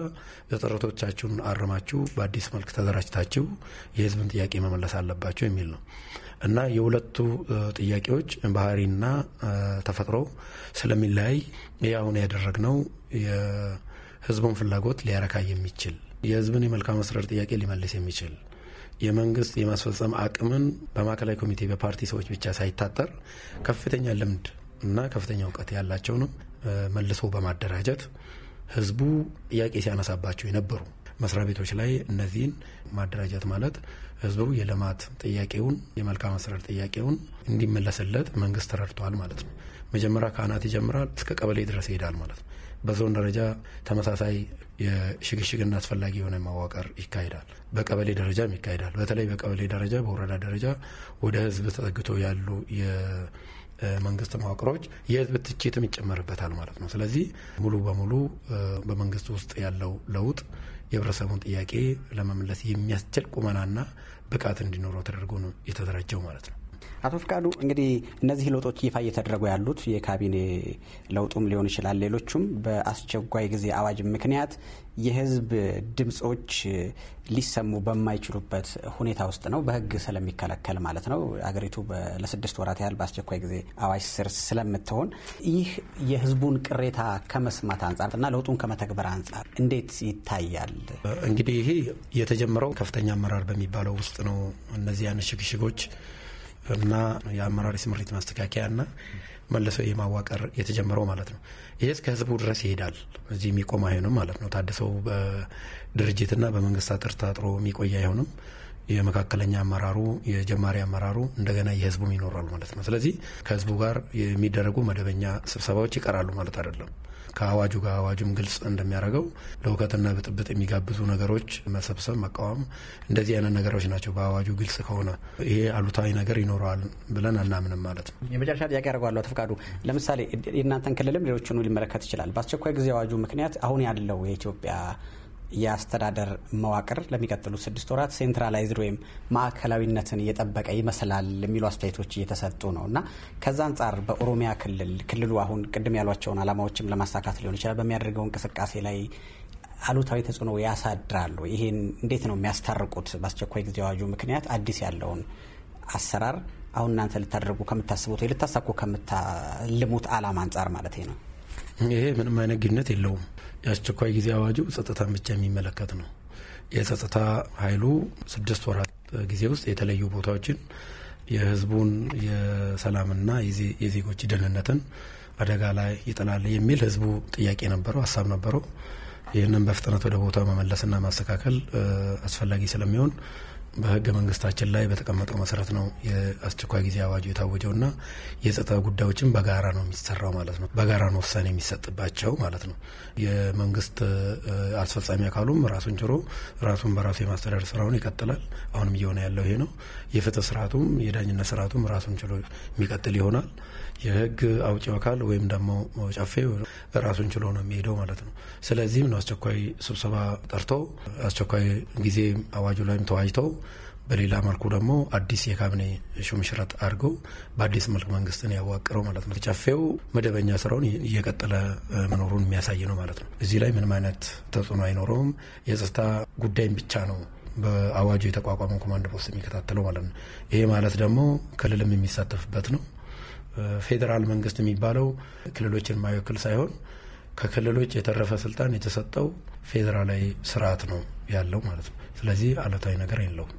ተጠረቶቻችሁን አርማችሁ በአዲስ መልክ ተደራጅታችሁ የህዝብን ጥያቄ መመለስ አለባችሁ የሚል ነው እና የሁለቱ ጥያቄዎች ባህሪና ተፈጥሮ ስለሚለያይ ይህ አሁን ያደረግነው የህዝቡን ፍላጎት ሊያረካ የሚችል የህዝብን የመልካም መስረር ጥያቄ ሊመልስ የሚችል የመንግስት የማስፈጸም አቅምን በማዕከላዊ ኮሚቴ በፓርቲ ሰዎች ብቻ ሳይታጠር ከፍተኛ ልምድ እና ከፍተኛ እውቀት ያላቸውንም መልሶ በማደራጀት ህዝቡ ጥያቄ ሲያነሳባቸው የነበሩ መስሪያ ቤቶች ላይ እነዚህን ማደራጀት ማለት ህዝቡ የልማት ጥያቄውን የመልካም አሰራር ጥያቄውን እንዲመለስለት መንግስት ተረድቷል ማለት ነው። መጀመሪያ ከአናት ይጀምራል፣ እስከ ቀበሌ ድረስ ይሄዳል ማለት ነው። በዞን ደረጃ ተመሳሳይ የሽግሽግና አስፈላጊ የሆነ መዋቅር ይካሄዳል። በቀበሌ ደረጃም ይካሄዳል። በተለይ በቀበሌ ደረጃ፣ በወረዳ ደረጃ ወደ ህዝብ ተጠግቶ ያሉ የመንግስት መዋቅሮች የህዝብ ትችትም ይጨመርበታል ማለት ነው። ስለዚህ ሙሉ በሙሉ በመንግስት ውስጥ ያለው ለውጥ የህብረተሰቡን ጥያቄ ለመመለስ የሚያስችል ቁመናና ብቃት እንዲኖረው ተደርጎ ነው የተደራጀው ማለት ነው። አቶ ፍቃዱ እንግዲህ እነዚህ ለውጦች ይፋ እየተደረጉ ያሉት የካቢኔ ለውጡም ሊሆን ይችላል፣ ሌሎቹም በአስቸኳይ ጊዜ አዋጅ ምክንያት የህዝብ ድምፆች ሊሰሙ በማይችሉበት ሁኔታ ውስጥ ነው፣ በህግ ስለሚከለከል ማለት ነው። አገሪቱ ለስድስት ወራት ያህል በአስቸኳይ ጊዜ አዋጅ ስር ስለምትሆን ይህ የህዝቡን ቅሬታ ከመስማት አንጻር እና ለውጡን ከመተግበር አንጻር እንዴት ይታያል? እንግዲህ ይሄ የተጀመረው ከፍተኛ አመራር በሚባለው ውስጥ ነው። እነዚህ አይነት ሽግሽጎች እና የአመራር ስምሪት ማስተካከያና መልሶ የማዋቀር የተጀመረው ማለት ነው። ይህ እስከ ህዝቡ ድረስ ይሄዳል። እዚህ የሚቆም አይሆንም ማለት ነው። ታድሰው በድርጅትና በመንግስት አጥር ታጥሮ የሚቆይ አይሆንም። የመካከለኛ አመራሩ፣ የጀማሪ አመራሩ እንደገና የህዝቡም ይኖራሉ ማለት ነው። ስለዚህ ከህዝቡ ጋር የሚደረጉ መደበኛ ስብሰባዎች ይቀራሉ ማለት አይደለም። ከአዋጁ ጋር አዋጁም ግልጽ እንደሚያደርገው ለውከትና ብጥብጥ የሚጋብዙ ነገሮች መሰብሰብ፣ መቃወም እንደዚህ አይነት ነገሮች ናቸው። በአዋጁ ግልጽ ከሆነ ይሄ አሉታዊ ነገር ይኖረዋል ብለን አናምንም ማለት ነው። የመጨረሻ ጥያቄ ያደርገዋለሁ። አቶ ለምሳሌ የእናንተን ክልልም ሌሎችን ሊመለከት ይችላል። በአስቸኳይ ጊዜ አዋጁ ምክንያት አሁን ያለው የኢትዮጵያ የአስተዳደር መዋቅር ለሚቀጥሉት ስድስት ወራት ሴንትራላይዝድ ወይም ማዕከላዊነትን እየጠበቀ ይመስላል የሚሉ አስተያየቶች እየተሰጡ ነው እና ከዛ አንጻር በኦሮሚያ ክልል ክልሉ አሁን ቅድም ያሏቸውን አላማዎችም ለማሳካት ሊሆን ይችላል በሚያደርገው እንቅስቃሴ ላይ አሉታዊ ተጽዕኖ ያሳድራሉ። ይሄን እንዴት ነው የሚያስታርቁት? በአስቸኳይ ጊዜ አዋጁ ምክንያት አዲስ ያለውን አሰራር አሁን እናንተ ልታደርጉ ከምታስቡት ወይ ልታሳኩ ከምታልሙት ዓላማ አንጻር ማለት ነው። ይሄ ምንም አይነት ግንኙነት የለውም። የአስቸኳይ ጊዜ አዋጁ ጸጥታን ብቻ የሚመለከት ነው። የጸጥታ ኃይሉ ስድስት ወራት ጊዜ ውስጥ የተለዩ ቦታዎችን የህዝቡን የሰላምና የዜጎች ደህንነትን አደጋ ላይ ይጥላል የሚል ህዝቡ ጥያቄ ነበረው፣ ሀሳብ ነበረው። ይህንን በፍጥነት ወደ ቦታው መመለስና ማስተካከል አስፈላጊ ስለሚሆን በህገ መንግስታችን ላይ በተቀመጠው መሰረት ነው የአስቸኳይ ጊዜ አዋጁ የታወጀው እና የጸጥታ ጉዳዮችን በጋራ ነው የሚሰራው ማለት ነው። በጋራ ነው ውሳኔ የሚሰጥባቸው ማለት ነው። የመንግስት አስፈጻሚ አካሉም ራሱን ችሎ ራሱን በራሱ የማስተዳደር ስራውን ይቀጥላል። አሁንም እየሆነ ያለው ይሄ ነው። የፍትህ ስርአቱም የዳኝነት ስርአቱም ራሱን ችሎ የሚቀጥል ይሆናል። የህግ አውጪው አካል ወይም ደግሞ ጨፌ ራሱን ችሎ ነው የሚሄደው ማለት ነው። ስለዚህም ነው አስቸኳይ ስብሰባ ጠርቶ አስቸኳይ ጊዜ አዋጁ ላይም ተዋጅተው በሌላ መልኩ ደግሞ አዲስ የካቢኔ ሹምሽረት አድርገው በአዲስ መልክ መንግስትን ያዋቅረው ማለት ነው። ጨፌው መደበኛ ስራውን እየቀጠለ መኖሩን የሚያሳይ ነው ማለት ነው። እዚህ ላይ ምንም አይነት ተጽዕኖ አይኖረውም። የጸጥታ ጉዳይም ብቻ ነው በአዋጁ የተቋቋመው ኮማንድ ፖስት የሚከታተለው ማለት ነው። ይሄ ማለት ደግሞ ክልልም የሚሳተፍበት ነው። ፌዴራል መንግስት የሚባለው ክልሎችን የማይወክል ሳይሆን ከክልሎች የተረፈ ስልጣን የተሰጠው ፌዴራላዊ ስርዓት ነው ያለው ማለት ነው። ስለዚህ አለታዊ ነገር የለውም።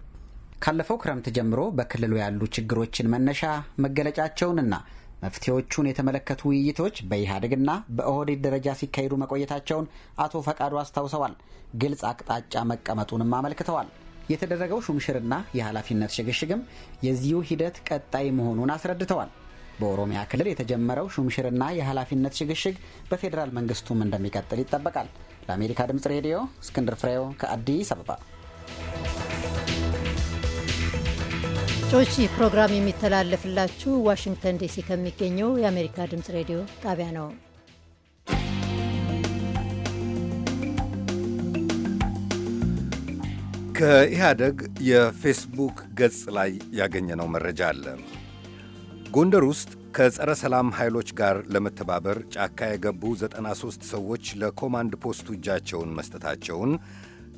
ካለፈው ክረምት ጀምሮ በክልሉ ያሉ ችግሮችን መነሻ መገለጫቸውንና መፍትሄዎቹን የተመለከቱ ውይይቶች በኢህአዴግና በኦህዴድ ደረጃ ሲካሄዱ መቆየታቸውን አቶ ፈቃዱ አስታውሰዋል። ግልጽ አቅጣጫ መቀመጡንም አመልክተዋል። የተደረገው ሹምሽርና የኃላፊነት ሽግሽግም የዚሁ ሂደት ቀጣይ መሆኑን አስረድተዋል። በኦሮሚያ ክልል የተጀመረው ሹምሽርና የኃላፊነት ሽግሽግ በፌዴራል መንግስቱም እንደሚቀጥል ይጠበቃል። ለአሜሪካ ድምፅ ሬዲዮ እስክንድር ፍሬው ከአዲስ አበባ። ጮች ፕሮግራም የሚተላለፍላችሁ ዋሽንግተን ዲሲ ከሚገኘው የአሜሪካ ድምፅ ሬዲዮ ጣቢያ ነው። ከኢህአደግ የፌስቡክ ገጽ ላይ ያገኘነው መረጃ አለ። ጎንደር ውስጥ ከጸረ ሰላም ኃይሎች ጋር ለመተባበር ጫካ የገቡ 93 ሰዎች ለኮማንድ ፖስቱ እጃቸውን መስጠታቸውን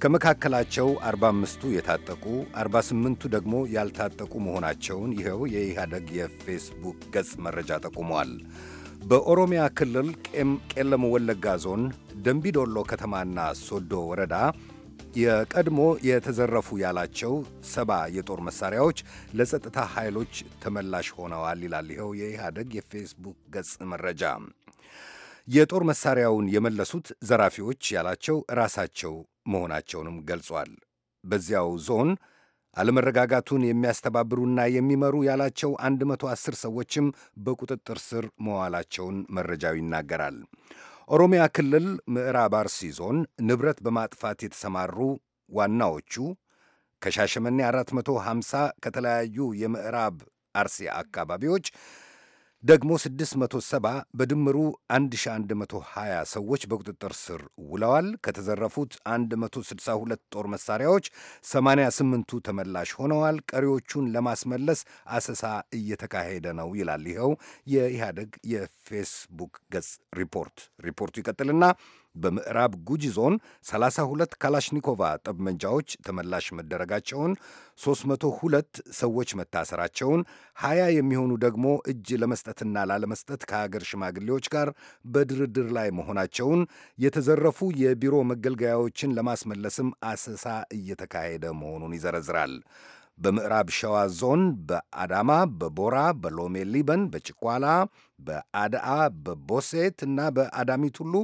ከመካከላቸው 45ቱ የታጠቁ 48ቱ ደግሞ ያልታጠቁ መሆናቸውን ይኸው የኢህአደግ የፌስቡክ ገጽ መረጃ ጠቁመዋል። በኦሮሚያ ክልል ቄለም ወለጋ ዞን ደንቢዶሎ ከተማና ሶዶ ወረዳ የቀድሞ የተዘረፉ ያላቸው ሰባ የጦር መሳሪያዎች ለጸጥታ ኃይሎች ተመላሽ ሆነዋል ይላል ይኸው የኢህአደግ የፌስቡክ ገጽ መረጃ። የጦር መሳሪያውን የመለሱት ዘራፊዎች ያላቸው ራሳቸው መሆናቸውንም ገልጿል። በዚያው ዞን አለመረጋጋቱን የሚያስተባብሩና የሚመሩ ያላቸው 110 ሰዎችም በቁጥጥር ስር መዋላቸውን መረጃው ይናገራል። ኦሮሚያ ክልል ምዕራብ አርሲ ዞን ንብረት በማጥፋት የተሰማሩ ዋናዎቹ ከሻሸመኔ 450 ከተለያዩ የምዕራብ አርሲ አካባቢዎች ደግሞ 670 በድምሩ 1120 ሰዎች በቁጥጥር ስር ውለዋል። ከተዘረፉት 162 ጦር መሳሪያዎች 88ቱ ተመላሽ ሆነዋል። ቀሪዎቹን ለማስመለስ አሰሳ እየተካሄደ ነው ይላል ይኸው የኢህአደግ የፌስቡክ ገጽ ሪፖርት። ሪፖርቱ ይቀጥልና በምዕራብ ጉጂ ዞን 32 ካላሽኒኮቫ ጠመንጃዎች ተመላሽ መደረጋቸውን፣ 302 ሰዎች መታሰራቸውን፣ 20 የሚሆኑ ደግሞ እጅ ለመስጠትና ላለመስጠት ከሀገር ሽማግሌዎች ጋር በድርድር ላይ መሆናቸውን፣ የተዘረፉ የቢሮ መገልገያዎችን ለማስመለስም አሰሳ እየተካሄደ መሆኑን ይዘረዝራል። በምዕራብ ሸዋ ዞን በአዳማ፣ በቦራ፣ በሎሜ ሊበን፣ በጭቋላ በአድአ በቦሴት እና በአዳሚት ሁሉ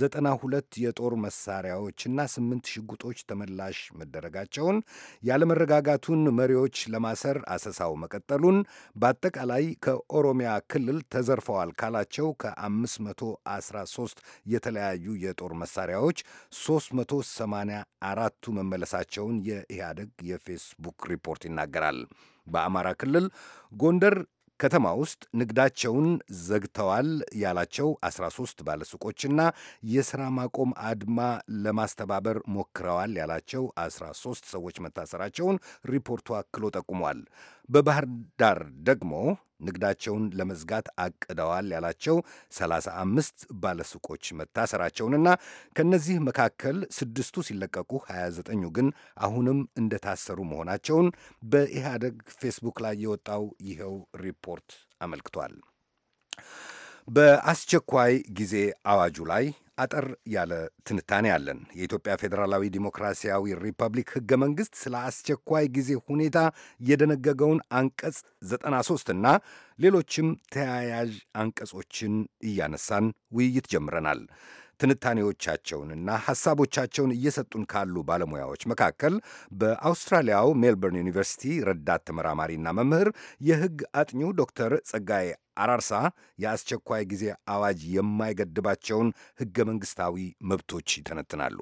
ዘጠና ሁለት የጦር መሳሪያዎችና ስምንት ሽጉጦች ተመላሽ መደረጋቸውን ያለመረጋጋቱን መሪዎች ለማሰር አሰሳው መቀጠሉን በአጠቃላይ ከኦሮሚያ ክልል ተዘርፈዋል ካላቸው ከ513 የተለያዩ የጦር መሳሪያዎች 384ቱ መመለሳቸውን የኢህአደግ የፌስቡክ ሪፖርት ይናገራል። በአማራ ክልል ጎንደር ከተማ ውስጥ ንግዳቸውን ዘግተዋል ያላቸው 13 ባለሱቆችና የሥራ ማቆም አድማ ለማስተባበር ሞክረዋል ያላቸው 13 ሰዎች መታሰራቸውን ሪፖርቱ አክሎ ጠቁሟል። በባህር ዳር ደግሞ ንግዳቸውን ለመዝጋት አቅደዋል ያላቸው 35 ባለሱቆች መታሰራቸውንና ከእነዚህ መካከል ስድስቱ ሲለቀቁ 29ኙ ግን አሁንም እንደታሰሩ መሆናቸውን በኢህአደግ ፌስቡክ ላይ የወጣው ይኸው ሪፖርት አመልክቷል። በአስቸኳይ ጊዜ አዋጁ ላይ አጠር ያለ ትንታኔ አለን። የኢትዮጵያ ፌዴራላዊ ዲሞክራሲያዊ ሪፐብሊክ ሕገ መንግሥት ስለ አስቸኳይ ጊዜ ሁኔታ የደነገገውን አንቀጽ 93 እና ሌሎችም ተያያዥ አንቀጾችን እያነሳን ውይይት ጀምረናል። ትንታኔዎቻቸውንና ሐሳቦቻቸውን እየሰጡን ካሉ ባለሙያዎች መካከል በአውስትራሊያው ሜልበርን ዩኒቨርሲቲ ረዳት ተመራማሪና መምህር የሕግ አጥኚው ዶክተር ጸጋዬ አራርሳ የአስቸኳይ ጊዜ አዋጅ የማይገድባቸውን ሕገ መንግሥታዊ መብቶች ይተነትናሉ።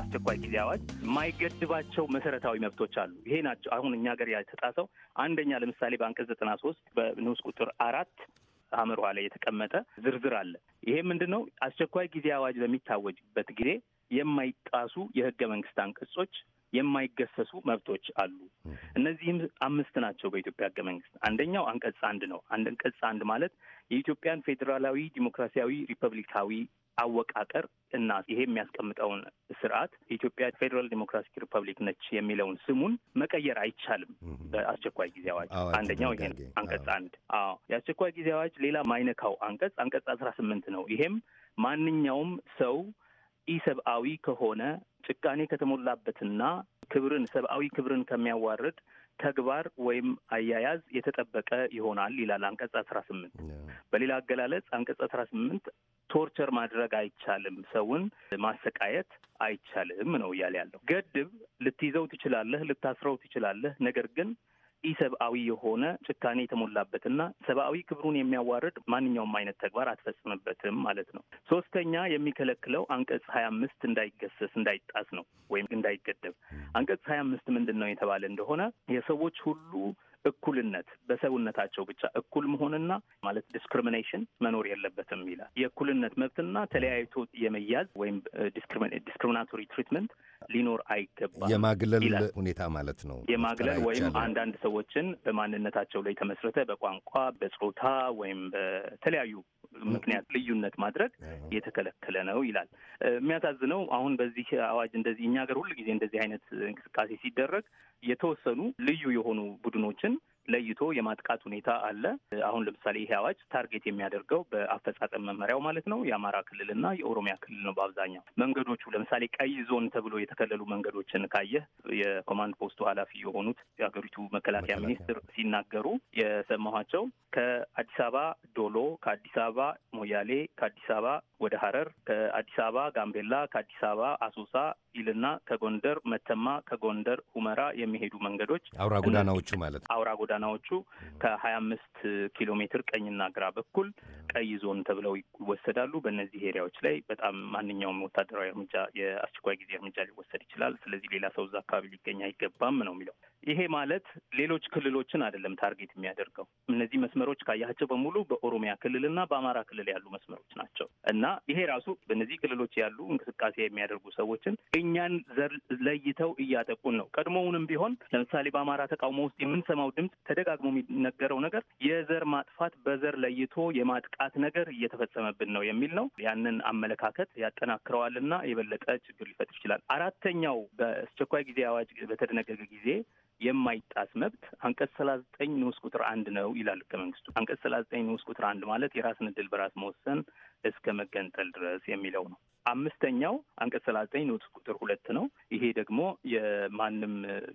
አስቸኳይ ጊዜ አዋጅ የማይገድባቸው መሰረታዊ መብቶች አሉ። ይሄ ናቸው አሁን እኛ ሀገር ያልተጣሰው። አንደኛ ለምሳሌ በአንቀጽ ዘጠና ሶስት በንዑስ ቁጥር አራት አምር ኋላ የተቀመጠ ዝርዝር አለ። ይሄ ምንድን ነው? አስቸኳይ ጊዜ አዋጅ በሚታወጅበት ጊዜ የማይጣሱ የህገ መንግስት አንቀጾች የማይገሰሱ መብቶች አሉ። እነዚህም አምስት ናቸው በኢትዮጵያ ህገ መንግስት። አንደኛው አንቀጽ አንድ ነው። አንቀጽ አንድ ማለት የኢትዮጵያን ፌዴራላዊ ዲሞክራሲያዊ ሪፐብሊካዊ አወቃቀር እና ይሄ የሚያስቀምጠውን ስርዓት የኢትዮጵያ ፌዴራል ዲሞክራቲክ ሪፐብሊክ ነች የሚለውን ስሙን መቀየር አይቻልም። በአስቸኳይ ጊዜ አዋጅ አንደኛው ይሄ አንቀጽ አንድ። አዎ የአስቸኳይ ጊዜ አዋጅ ሌላ ማይነካው አንቀጽ አንቀጽ አስራ ስምንት ነው። ይሄም ማንኛውም ሰው ኢሰብአዊ ከሆነ ጭካኔ ከተሞላበትና ክብርን ሰብአዊ ክብርን ከሚያዋርድ ተግባር ወይም አያያዝ የተጠበቀ ይሆናል ይላል አንቀጽ አስራ ስምንት በሌላ አገላለጽ አንቀጽ አስራ ስምንት ቶርቸር ማድረግ አይቻልም፣ ሰውን ማሰቃየት አይቻልም ነው እያለ ያለው። ገድብ ልትይዘው ትችላለህ፣ ልታስረው ትችላለህ፣ ነገር ግን ኢሰብአዊ የሆነ ጭካኔ የተሞላበትና ሰብአዊ ክብሩን የሚያዋርድ ማንኛውም አይነት ተግባር አትፈጽምበትም ማለት ነው። ሶስተኛ የሚከለክለው አንቀጽ ሀያ አምስት እንዳይገሰስ እንዳይጣስ ነው ወይም እንዳይገደብ። አንቀጽ ሀያ አምስት ምንድን ነው የተባለ እንደሆነ የሰዎች ሁሉ እኩልነት በሰውነታቸው ብቻ እኩል መሆንና ማለት ዲስክሪሚኔሽን መኖር የለበትም ይላል። የእኩልነት መብትና ተለያይቶ የመያዝ ወይም ዲስክሪሚናቶሪ ትሪትመንት ሊኖር አይገባም። የማግለል ሁኔታ ማለት ነው። የማግለል ወይም አንዳንድ ሰዎችን በማንነታቸው ላይ ተመስረተ በቋንቋ፣ በጾታ ወይም በተለያዩ ምክንያት ልዩነት ማድረግ የተከለከለ ነው ይላል። የሚያሳዝነው አሁን በዚህ አዋጅ እንደዚህ እኛ ሀገር ሁሉ ጊዜ እንደዚህ አይነት እንቅስቃሴ ሲደረግ የተወሰኑ ልዩ የሆኑ ቡድኖችን person ለይቶ የማጥቃት ሁኔታ አለ። አሁን ለምሳሌ ይሄ አዋጅ ታርጌት የሚያደርገው በአፈጻጸም መመሪያው ማለት ነው የአማራ ክልልና የኦሮሚያ ክልል ነው። በአብዛኛው መንገዶቹ ለምሳሌ ቀይ ዞን ተብሎ የተከለሉ መንገዶችን ካየህ የኮማንድ ፖስቱ ኃላፊ የሆኑት የሀገሪቱ መከላከያ ሚኒስትር ሲናገሩ የሰማኋቸው ከአዲስ አበባ ዶሎ፣ ከአዲስ አበባ ሞያሌ፣ ከአዲስ አበባ ወደ ሀረር ከአዲስ አበባ ጋምቤላ፣ ከአዲስ አበባ አሶሳ ኢልና ከጎንደር መተማ፣ ከጎንደር ሁመራ የሚሄዱ መንገዶች አውራ ጎዳናዎቹ ማለት ነው። አውራ ጎዳናዎቹ ከሀያ አምስት ኪሎ ሜትር ቀኝና ግራ በኩል ቀይ ዞን ተብለው ይወሰዳሉ። በእነዚህ ኤሪያዎች ላይ በጣም ማንኛውም ወታደራዊ እርምጃ፣ የአስቸኳይ ጊዜ እርምጃ ሊወሰድ ይችላል። ስለዚህ ሌላ ሰው እዛ አካባቢ ሊገኝ አይገባም ነው የሚለው። ይሄ ማለት ሌሎች ክልሎችን አይደለም ታርጌት የሚያደርገው። እነዚህ መስመሮች ካያቸው በሙሉ በኦሮሚያ ክልልና በአማራ ክልል ያሉ መስመሮች ናቸው እና ይሄ ራሱ በእነዚህ ክልሎች ያሉ እንቅስቃሴ የሚያደርጉ ሰዎችን እኛን ዘር ለይተው እያጠቁን ነው። ቀድሞውንም ቢሆን ለምሳሌ በአማራ ተቃውሞ ውስጥ የምንሰማው ድምፅ ተደጋግሞ የሚነገረው ነገር የዘር ማጥፋት፣ በዘር ለይቶ የማጥቃት ነገር እየተፈጸመብን ነው የሚል ነው። ያንን አመለካከት ያጠናክረዋልና የበለጠ ችግር ሊፈጥር ይችላል። አራተኛው በአስቸኳይ ጊዜ አዋጅ በተደነገገ ጊዜ የማይጣስ መብት አንቀጽ ሰላሳ ዘጠኝ ንዑስ ቁጥር አንድ ነው ይላል ህገ መንግስቱ። አንቀጽ ሰላሳ ዘጠኝ ንዑስ ቁጥር አንድ ማለት የራስን እድል በራስ መወሰን እስከ መገንጠል ድረስ የሚለው ነው። አምስተኛው አንቀጽ ሰላሳ ዘጠኝ ንዑስ ቁጥር ሁለት ነው። ይሄ ደግሞ የማንም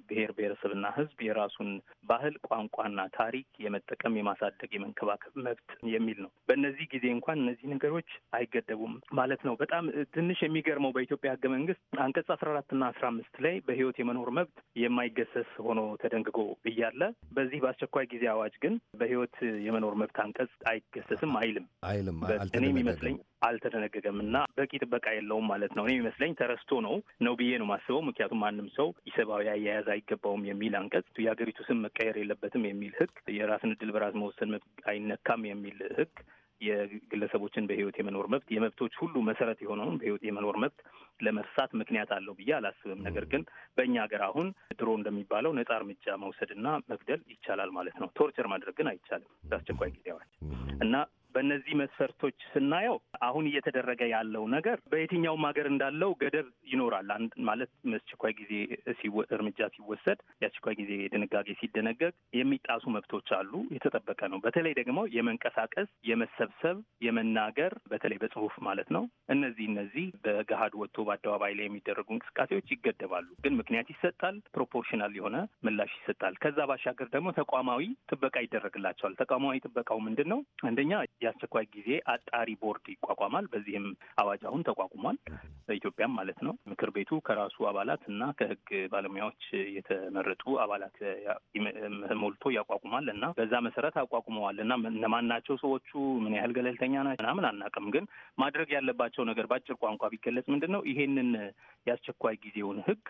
ብሔር ብሔረሰብና ሕዝብ የራሱን ባህል ቋንቋና ታሪክ የመጠቀም የማሳደግ፣ የመንከባከብ መብት የሚል ነው። በእነዚህ ጊዜ እንኳን እነዚህ ነገሮች አይገደቡም ማለት ነው። በጣም ትንሽ የሚገርመው በኢትዮጵያ ሕገ መንግስት አንቀጽ አስራ አራትና አስራ አምስት ላይ በህይወት የመኖር መብት የማይገሰስ ሆኖ ተደንግጎ እያለ በዚህ በአስቸኳይ ጊዜ አዋጅ ግን በህይወት የመኖር መብት አንቀጽ አይገሰስም አይልም አይልም። ይመስለኝ አልተደነገገም እና በቂ ጥበቃ የለውም ማለት ነው። እኔ ይመስለኝ ተረስቶ ነው ነው ብዬ ነው ማስበው። ምክንያቱም ማንም ሰው ኢሰብአዊ አያያዝ አይገባውም የሚል አንቀጽ፣ የሀገሪቱ ስም መቀየር የለበትም የሚል ህግ የራስን እድል በራስ መወሰን መብት አይነካም የሚል ህግ የግለሰቦችን በህይወት የመኖር መብት፣ የመብቶች ሁሉ መሰረት የሆነውን በህይወት የመኖር መብት ለመርሳት ምክንያት አለው ብዬ አላስብም። ነገር ግን በእኛ ሀገር አሁን ድሮ እንደሚባለው ነጻ እርምጃ መውሰድና መግደል ይቻላል ማለት ነው። ቶርቸር ማድረግ ግን አይቻልም በአስቸኳይ ጊዜ አዋጅ እና በእነዚህ መስፈርቶች ስናየው አሁን እየተደረገ ያለው ነገር በየትኛውም ሀገር እንዳለው ገደብ ይኖራል። አንድ ማለት አስቸኳይ ጊዜ እርምጃ ሲወሰድ የአስቸኳይ ጊዜ ድንጋጌ ሲደነገግ የሚጣሱ መብቶች አሉ፣ የተጠበቀ ነው። በተለይ ደግሞ የመንቀሳቀስ፣ የመሰብሰብ፣ የመናገር በተለይ በጽሁፍ ማለት ነው። እነዚህ እነዚህ በገሀድ ወጥቶ በአደባባይ ላይ የሚደረጉ እንቅስቃሴዎች ይገደባሉ። ግን ምክንያት ይሰጣል፣ ፕሮፖርሽናል የሆነ ምላሽ ይሰጣል። ከዛ ባሻገር ደግሞ ተቋማዊ ጥበቃ ይደረግላቸዋል። ተቋማዊ ጥበቃው ምንድን ነው? አንደኛ የአስቸኳይ ጊዜ አጣሪ ቦርድ ይቋቋማል። በዚህም አዋጅ አሁን ተቋቁሟል። በኢትዮጵያም ማለት ነው። ምክር ቤቱ ከራሱ አባላት እና ከህግ ባለሙያዎች የተመረጡ አባላት ሞልቶ ያቋቁማል እና በዛ መሰረት አቋቁመዋል እና እነማን ናቸው ሰዎቹ፣ ምን ያህል ገለልተኛ ናቸው ምናምን አናውቅም። ግን ማድረግ ያለባቸው ነገር በአጭር ቋንቋ ቢገለጽ ምንድን ነው ይሄንን የአስቸኳይ ጊዜውን ህግ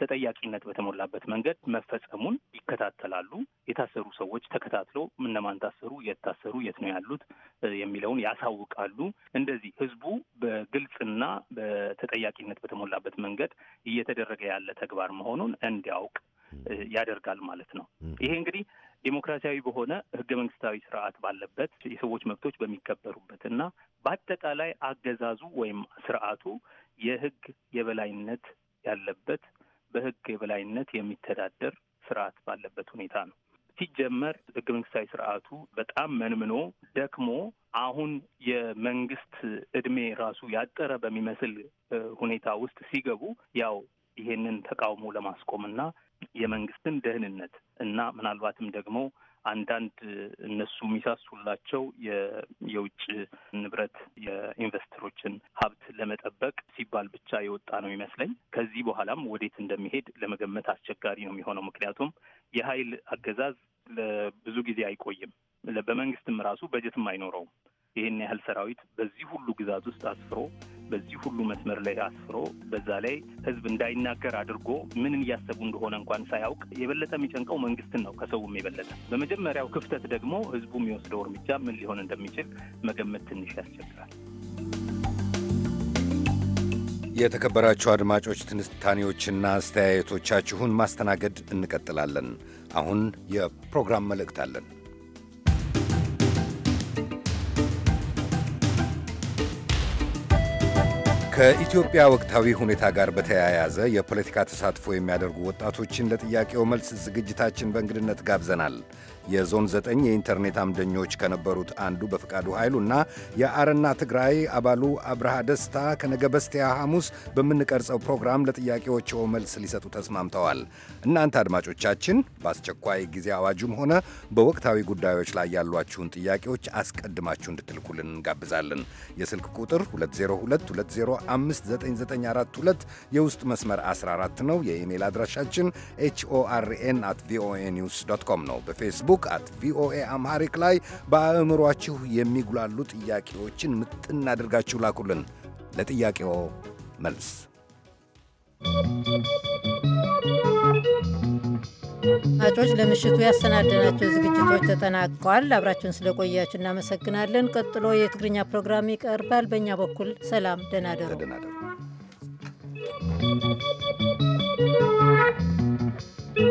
ተጠያቂነት በተሞላበት መንገድ መፈጸሙን ይከታተላሉ። የታሰሩ ሰዎች ተከታትለው እነማን ታሰሩ፣ የት ታሰሩ፣ የት ነው ያሉት የሚለውን ያሳውቃሉ። እንደዚህ ህዝቡ በግልጽና በተጠያቂነት በተሞላበት መንገድ እየተደረገ ያለ ተግባር መሆኑን እንዲያውቅ ያደርጋል ማለት ነው። ይሄ እንግዲህ ዴሞክራሲያዊ በሆነ ህገ መንግስታዊ ስርዓት ባለበት የሰዎች መብቶች በሚከበሩበት እና በአጠቃላይ አገዛዙ ወይም ስርዓቱ የህግ የበላይነት ያለበት በህግ የበላይነት የሚተዳደር ስርዓት ባለበት ሁኔታ ነው። ሲጀመር ህገ መንግስታዊ ስርዓቱ በጣም መንምኖ ደክሞ አሁን የመንግስት እድሜ ራሱ ያጠረ በሚመስል ሁኔታ ውስጥ ሲገቡ ያው ይሄንን ተቃውሞ ለማስቆምና የመንግስትን ደህንነት እና ምናልባትም ደግሞ አንዳንድ እነሱ የሚሳሱላቸው የውጭ ንብረት የኢንቨስተሮችን ሀብት ለመጠበቅ ሲባል ብቻ የወጣ ነው ይመስለኝ። ከዚህ በኋላም ወዴት እንደሚሄድ ለመገመት አስቸጋሪ ነው የሚሆነው። ምክንያቱም የኃይል አገዛዝ ለብዙ ጊዜ አይቆይም። በመንግስትም ራሱ በጀትም አይኖረውም። ይህን ያህል ሰራዊት በዚህ ሁሉ ግዛት ውስጥ አስፍሮ በዚህ ሁሉ መስመር ላይ አስፍሮ በዛ ላይ ህዝብ እንዳይናገር አድርጎ ምን እያሰቡ እንደሆነ እንኳን ሳያውቅ የበለጠ የሚጨንቀው መንግስትን ነው ከሰውም የበለጠ። በመጀመሪያው ክፍተት ደግሞ ህዝቡ የሚወስደው እርምጃ ምን ሊሆን እንደሚችል መገመት ትንሽ ያስቸግራል። የተከበራችሁ አድማጮች ትንታኔዎችና አስተያየቶቻችሁን ማስተናገድ እንቀጥላለን። አሁን የፕሮግራም መልእክት አለን። ከኢትዮጵያ ወቅታዊ ሁኔታ ጋር በተያያዘ የፖለቲካ ተሳትፎ የሚያደርጉ ወጣቶችን ለጥያቄው መልስ ዝግጅታችን በእንግድነት ጋብዘናል። የዞን ዘጠኝ የኢንተርኔት አምደኞች ከነበሩት አንዱ በፍቃዱ ኃይሉና የአረና ትግራይ አባሉ አብርሃ ደስታ ከነገ በስቲያ ሐሙስ በምንቀርጸው ፕሮግራም ለጥያቄዎችዎ መልስ ሊሰጡ ተስማምተዋል። እናንተ አድማጮቻችን በአስቸኳይ ጊዜ አዋጁም ሆነ በወቅታዊ ጉዳዮች ላይ ያሏችሁን ጥያቄዎች አስቀድማችሁ እንድትልኩልን እንጋብዛለን። የስልክ ቁጥር 2022059942 የውስጥ መስመር 14 ነው። የኢሜይል አድራሻችን ኤችኦአርኤን አት ቪኦኤ ኒውስ ዶት ኮም ነው። በፌስቡክ ፌስቡክ አት ቪኦኤ አምሃሪክ ላይ በአእምሯችሁ የሚጉላሉ ጥያቄዎችን ምጥን አድርጋችሁ ላኩልን። ለጥያቄው መልስ አድማጮች፣ ለምሽቱ ያሰናደናቸው ዝግጅቶች ተጠናቀዋል። አብራችሁን ስለቆያችሁ እናመሰግናለን። ቀጥሎ የትግርኛ ፕሮግራም ይቀርባል። በእኛ በኩል ሰላም፣ ደህና ደሩ።